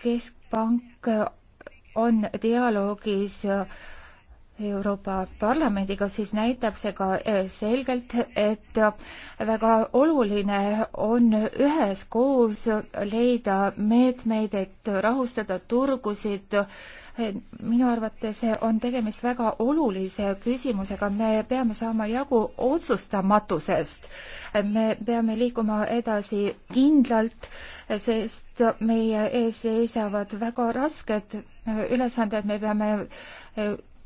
keskpank on dialoogis Euroopa Parlamendiga, siis näitab see ka eh, selgelt, et väga oluline on üheskoos leida meetmeid, et rahustada turgusid äh, minu arvates on tegemist väga olulise küsimusega, me peame saama jagu otsustamatusest. me peame liikuma edasi kindlalt, sest meie ees seisavad väga rasked ülesanded, me peame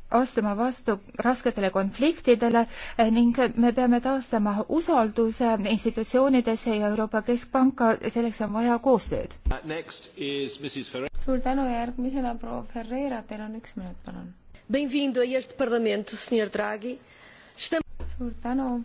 astuma vastu rasketele konfliktidele eh, ning me peame taastama usalduse institutsioonidesse ja Euroopa Keskpanka, selleks on vaja koostööd. suur tänu ja järgmisena proua Ferreira, teil on üks minut, palun. suur tänu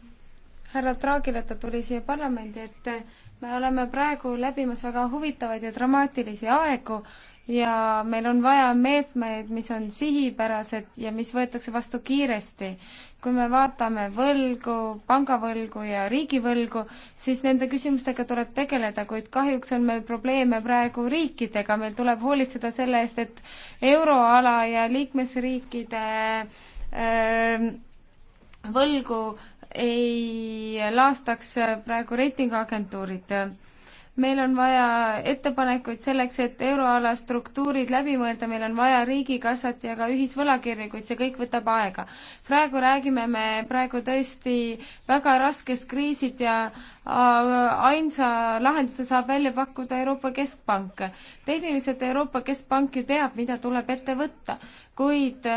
härra Draagile, et ta tuli siia parlamendi ette. me oleme praegu läbimas väga huvitavaid ja dramaatilisi aegu ja meil on vaja meetmeid, mis on sihipärased ja mis võetakse vastu kiiresti. kui me vaatame võlgu, pangavõlgu ja riigivõlgu, siis nende küsimustega tuleb tegeleda, kuid kahjuks on meil probleeme praegu riikidega, meil tuleb hoolitseda selle eest, et euroala ja liikmesriikide öö, ähm, võlgu ei laastaks praegu reitinguagentuurid meil on vaja ettepanekuid selleks, et euroala struktuurid läbi mõelda, meil on vaja riigikassat ja ka ühisvõlakirju, kuid see kõik võtab aega. praegu räägime me praegu tõesti väga raskest kriisid ja ainsa lahenduse saab välja pakkuda Euroopa Keskpank. tehniliselt Euroopa Keskpank ju teab, mida tuleb ette võtta, kuid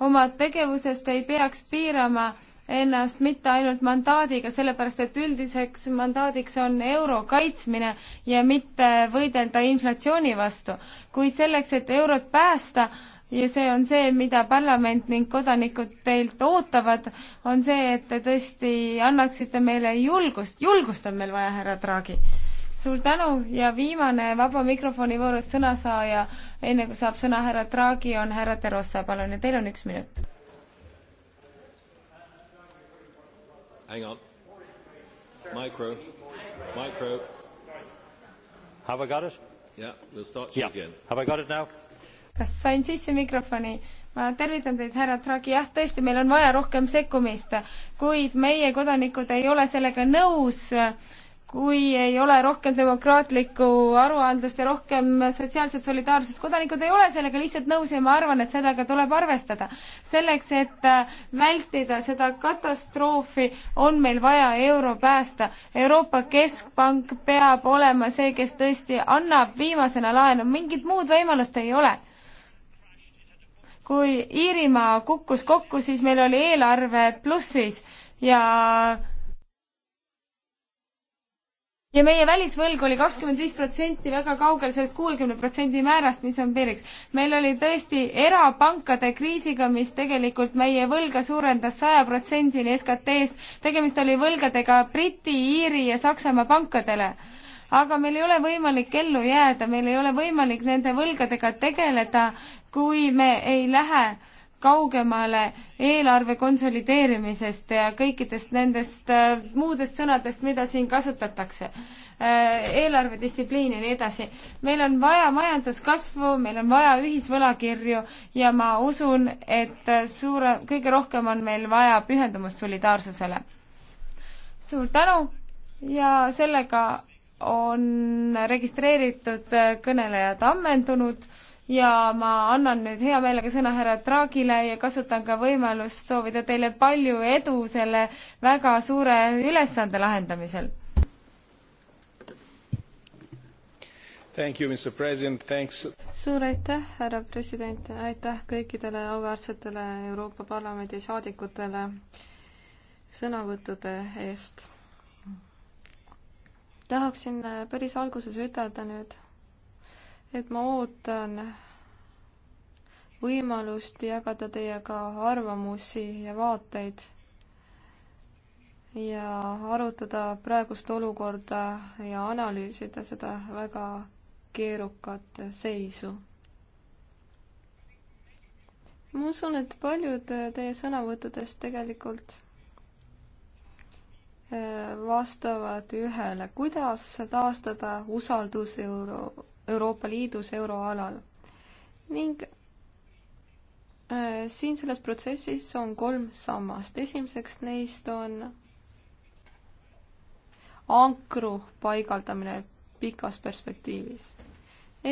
oma tegevusest ei peaks piirama ennast mitte ainult mandaadiga, sellepärast et üldiseks mandaadiks on euro kaitsmine ja mitte võidelda inflatsiooni vastu. kuid selleks, et eurot päästa, ja see on see, mida parlament ning kodanikud teilt ootavad, on see, et te tõesti annaksite meile julgust, julgust on meil vaja, härra Draghi. suur tänu ja viimane vaba mikrofoni voorus sõnasaaja, enne kui saab sõna härra Draghi, on härra Terossa, palun, ja teil on üks minut Hang on. Micro. Micro. Have I got it? Yeah, we'll start you yeah. again. Have I got it now? kas sain sisse mikrofoni? ma tervitan teid, härra Draghi, jah, tõesti, meil on vaja rohkem sekkumist, kuid meie kodanikud ei ole sellega nõus kui ei ole rohkem demokraatlikku aruandlust ja rohkem sotsiaalset solidaarsust, kodanikud ei ole sellega lihtsalt nõus ja ma arvan, et sellega tuleb arvestada. selleks, et äh, vältida seda katastroofi, on meil vaja euro päästa. Euroopa Keskpank peab olema see, kes tõesti annab viimasena laenu, mingit muud võimalust ei ole kui Iirimaa kukkus kokku, siis meil oli eelarve plussis ja ja meie välisvõlg oli kakskümmend viis protsenti, väga kaugel sellest kuuekümne protsendi määrast, mis on piiriks. meil oli tõesti erapankade kriisiga, mis tegelikult meie võlga suurendas saja protsendini SKT-st. SKT tegemist oli võlgadega Briti, Iiri ja Saksamaa pankadele. aga meil ei ole võimalik ellu jääda, meil ei ole võimalik nende võlgadega tegeleda, kui me ei lähe kaugemale eelarve konsolideerimisest ja kõikidest nendest äh, muudest sõnadest, mida siin kasutatakse äh, eelarvedistsipliin ja nii edasi. meil on vaja majanduskasvu, meil on vaja ühisvõlakirju ja ma usun, et äh, suure, kõige rohkem on meil vaja pühendumust solidaarsusele. suur tänu ja sellega on registreeritud kõnelejad ammendunud ja ma annan nüüd hea meelega sõna härra Draagile ja kasutan ka võimalust soovida teile palju edu selle väga suure ülesande lahendamisel. suur aitäh, härra president, aitäh kõikidele auväärsetele Euroopa Parlamendi saadikutele sõnavõttude eest. tahaksin päris alguses ütelda nüüd et ma ootan võimalust jagada teiega arvamusi ja vaateid ja arutada praegust olukorda ja analüüsida seda väga keerukat seisu. ma usun, et paljud teie sõnavõttudest tegelikult äh, vastavad ühele, kuidas taastada usaldus euro Euroopa Liidus euroalal. ning äh, siin selles protsessis on kolm sammast, esimeseks neist on ankru paigaldamine pikas perspektiivis.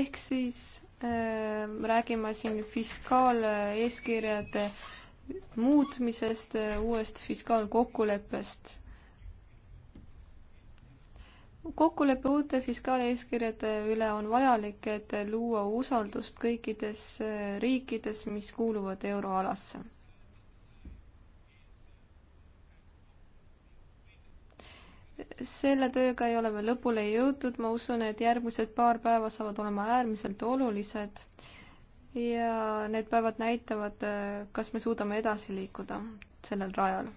ehk siis äh, räägime siin fiskaaleeskirjade muutmisest, äh, uuest fiskaalkokkuleppest kokkulepe uute fiskaaleeskirjade üle on vajalik, et luua usaldust kõikides äh, riikides, mis kuuluvad euroalasse. selle tööga ei ole veel lõpule jõutud, ma usun, et järgmised paar päeva saavad olema äärmiselt olulised ja need päevad näitavad, äh, kas me suudame edasi liikuda sellel rajal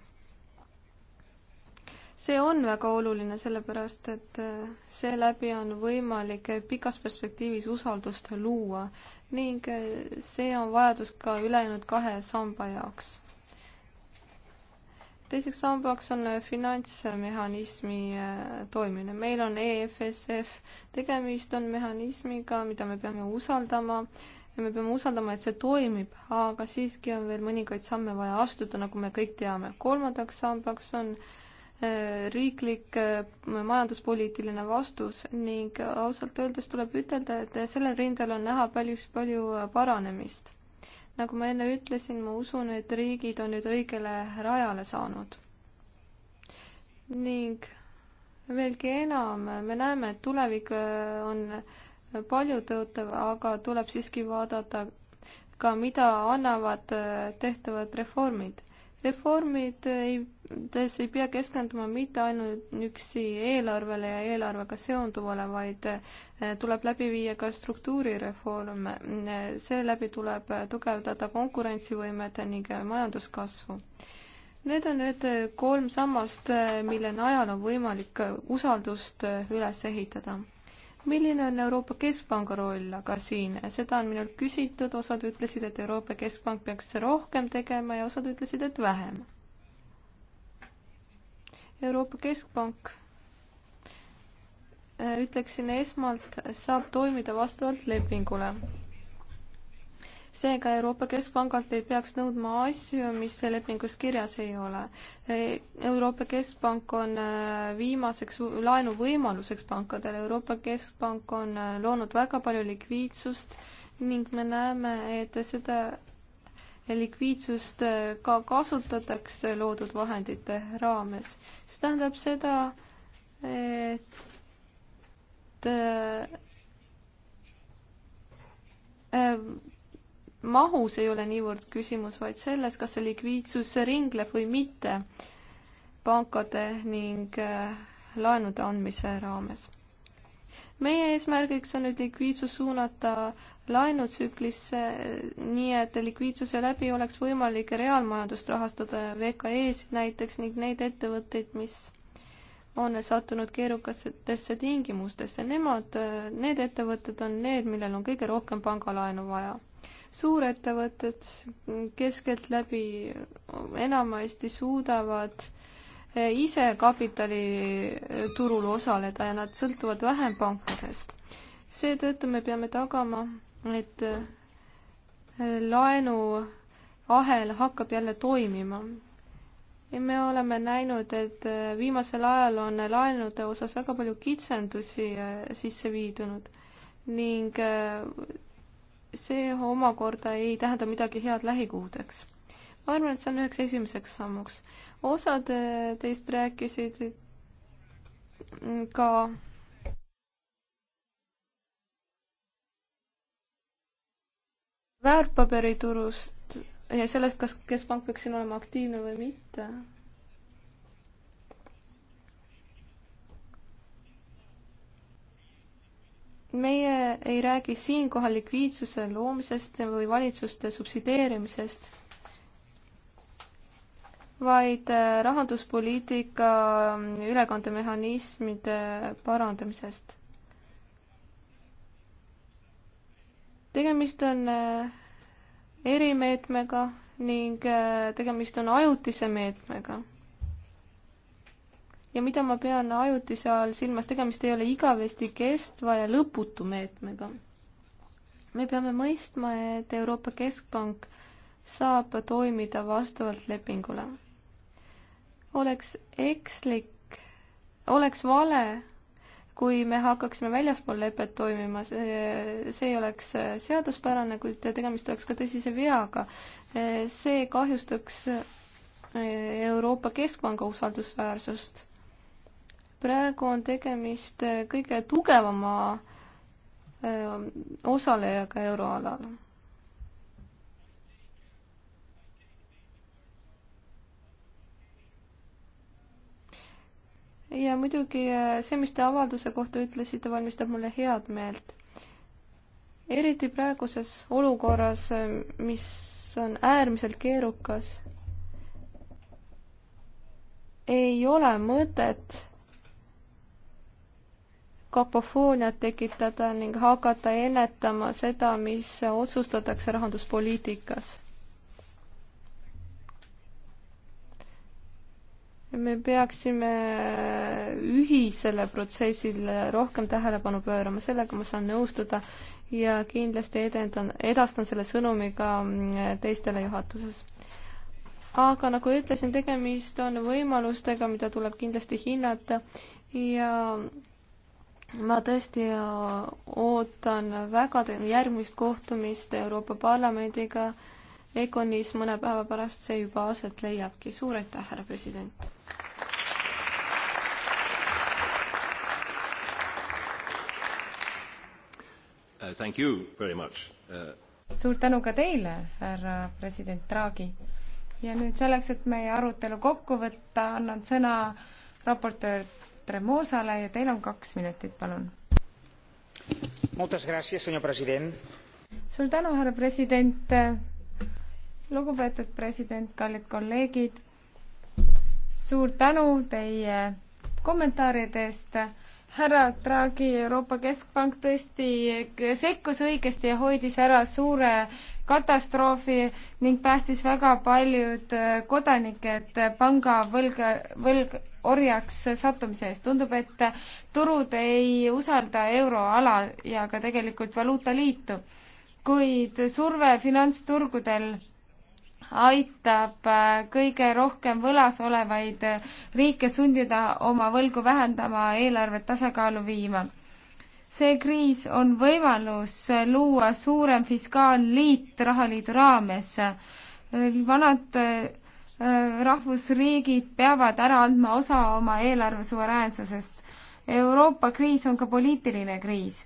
see on väga oluline, sellepärast et äh, seeläbi on võimalik äh, pikas perspektiivis usaldust luua ning äh, see on vajadus ka ülejäänud kahe samba jaoks. teiseks sambaks on finantsmehhanismi toimimine. meil on EFSF, tegemist on mehhanismiga, mida me peame usaldama ja me peame usaldama, et see toimib, aga siiski on veel mõningaid samme vaja astuda, nagu me kõik teame. kolmandaks sambaks on äh, Äh, riiklik äh, majanduspoliitiline vastus ning äh, ausalt öeldes tuleb ütelda, et sellel rindel on näha päris palju paranemist. nagu ma enne ütlesin, ma usun, et riigid on nüüd õigele rajale saanud. ning veelgi enam, me näeme, et tulevik on paljutõotav, aga tuleb siiski vaadata ka, mida annavad tehtavad reformid reformides ei pea keskenduma mitte ainult üksi eelarvele ja eelarvega seonduvale, vaid eh, tuleb läbi viia ka struktuurireforme. seeläbi tuleb tugevdada konkurentsivõimet ning majanduskasvu. Need on need kolm sammast, eh, mille najal on võimalik usaldust eh, üles ehitada milline on Euroopa Keskpanga roll aga siin? seda on minult küsitud, osad ütlesid, et Euroopa Keskpank peaks rohkem tegema ja osad ütlesid, et vähem. Euroopa Keskpank, äh, ütleksin esmalt, saab toimida vastavalt lepingule seega Euroopa Keskpangalt ei peaks nõudma asju, mis lepingus kirjas ei ole. E, Euroopa Keskpank on e, viimaseks laenuvõimaluseks pankadele, Euroopa Keskpank on e, loonud väga palju likviidsust ning me näeme, et seda likviidsust ka kasutatakse loodud vahendite raames. see tähendab seda, et mahus ei ole niivõrd küsimus, vaid selles, kas see likviidsus ringleb või mitte pankade ning äh, laenude andmise raames. meie eesmärgiks on nüüd likviidsus suunata laenutsüklisse, äh, nii et likviidsuse läbi oleks võimalik reaalmajandust rahastada VKE-sid näiteks ning neid ettevõtteid, mis on sattunud keerukatesse tingimustesse. Nemad, äh, need ettevõtted on need, millel on kõige rohkem pangalaenu vaja suurettevõtted keskeltläbi enamasti suudavad eh, ise kapitaliturul osaleda ja nad sõltuvad vähem pankadest. seetõttu me peame tagama, et eh, laenuahel hakkab jälle toimima. me oleme näinud, et eh, viimasel ajal on laenude osas väga palju kitsendusi sisse viidunud ning see omakorda ei tähenda midagi head lähikuudeks. ma arvan, et see on üheks esimeseks sammuks. osad äh, teist rääkisid mm, ka väärtpaberiturust ja sellest, kas keskpank peaks siin olema aktiivne või mitte meie ei räägi siinkohal likviidsuse loomisest või valitsuste subsideerimisest, vaid äh, rahanduspoliitika mm, ülekandemehhanismide parandamisest. tegemist on äh, erimeetmega ning äh, tegemist on ajutise meetmega ja mida ma pean ajutise all silmas, tegemist ei ole igavesti kestva ja lõputu meetmega. me peame mõistma, et Euroopa Keskpank saab toimida vastavalt lepingule. oleks ekslik, oleks vale, kui me hakkaksime väljaspool lepet toimima, see, see ei oleks seaduspärane, kuid tegemist oleks ka tõsise veaga. see kahjustaks Euroopa Keskpanga usaldusväärsust praegu on tegemist äh, kõige tugevama äh, osalejaga euroalal. ja muidugi äh, see, mis te avalduse kohta ütlesite, valmistab mulle head meelt. eriti praeguses olukorras, mis on äärmiselt keerukas, ei ole mõtet kakofooniat tekitada ning hakata ennetama seda, mis otsustatakse rahanduspoliitikas. me peaksime ühisele protsessile rohkem tähelepanu pöörama, sellega ma saan nõustuda ja kindlasti edendan, edastan selle sõnumi ka teistele juhatuses aga nagu ütlesin, tegemist on võimalustega, mida tuleb kindlasti hinnata ja ma tõesti äh, ootan väga järgmist kohtumist Euroopa Parlamendiga. Econis mõne päeva pärast see juba aset leiabki. suur aitäh, härra president! Uh, thank you very much uh.... suur tänu ka teile, härra president Draghi. ja nüüd selleks, et meie arutelu kokku võtta, annan sõna raportöör Tremosale ja teil on kaks minutit, palun. suur tänu, härra president. lugupeetud president, kallid kolleegid. suur tänu teie kommentaaride eest härra Draghi, Euroopa Keskpank tõesti sekkus õigesti ja hoidis ära suure katastroofi ning päästis väga paljud äh, kodanikud äh, panga võlga, võlg, orjaks sattumise eest. tundub, et turud ei usalda euroala ja ka tegelikult valuutaliitu, kuid surve finantsturgudel aitab äh, kõige rohkem võlas olevaid riike sundida oma võlgu vähendama, eelarvet tasakaalu viima see kriis on võimalus luua suurem fiskaalliit rahaliidu raames. vanad äh, rahvusriigid peavad ära andma osa oma eelarve suveräänsusest. Euroopa kriis on ka poliitiline kriis.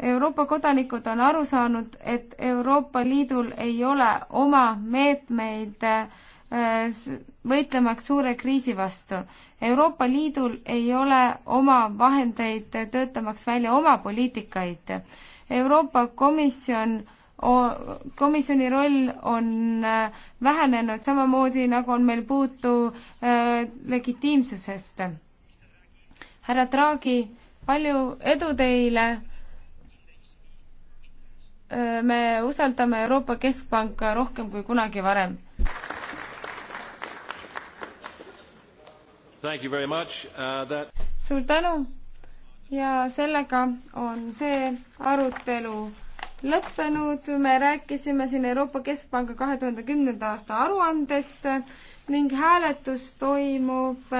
Euroopa kodanikud on aru saanud, et Euroopa Liidul ei ole oma meetmeid äh, võitlemaks suure kriisi vastu. Euroopa Liidul ei ole oma vahendeid töötamaks välja oma poliitikaid. Euroopa Komisjon komisjoni roll on äh, vähenenud samamoodi, nagu on meil puutu äh, legitiimsusest. härra Draghi, palju edu teile äh,! me usaldame Euroopa Keskpanka rohkem kui kunagi varem. Uh, that... suur tänu ja sellega on see arutelu lõppenud, me rääkisime siin Euroopa Keskpanga kahe tuhande kümnenda aasta aruandest ning hääletus toimub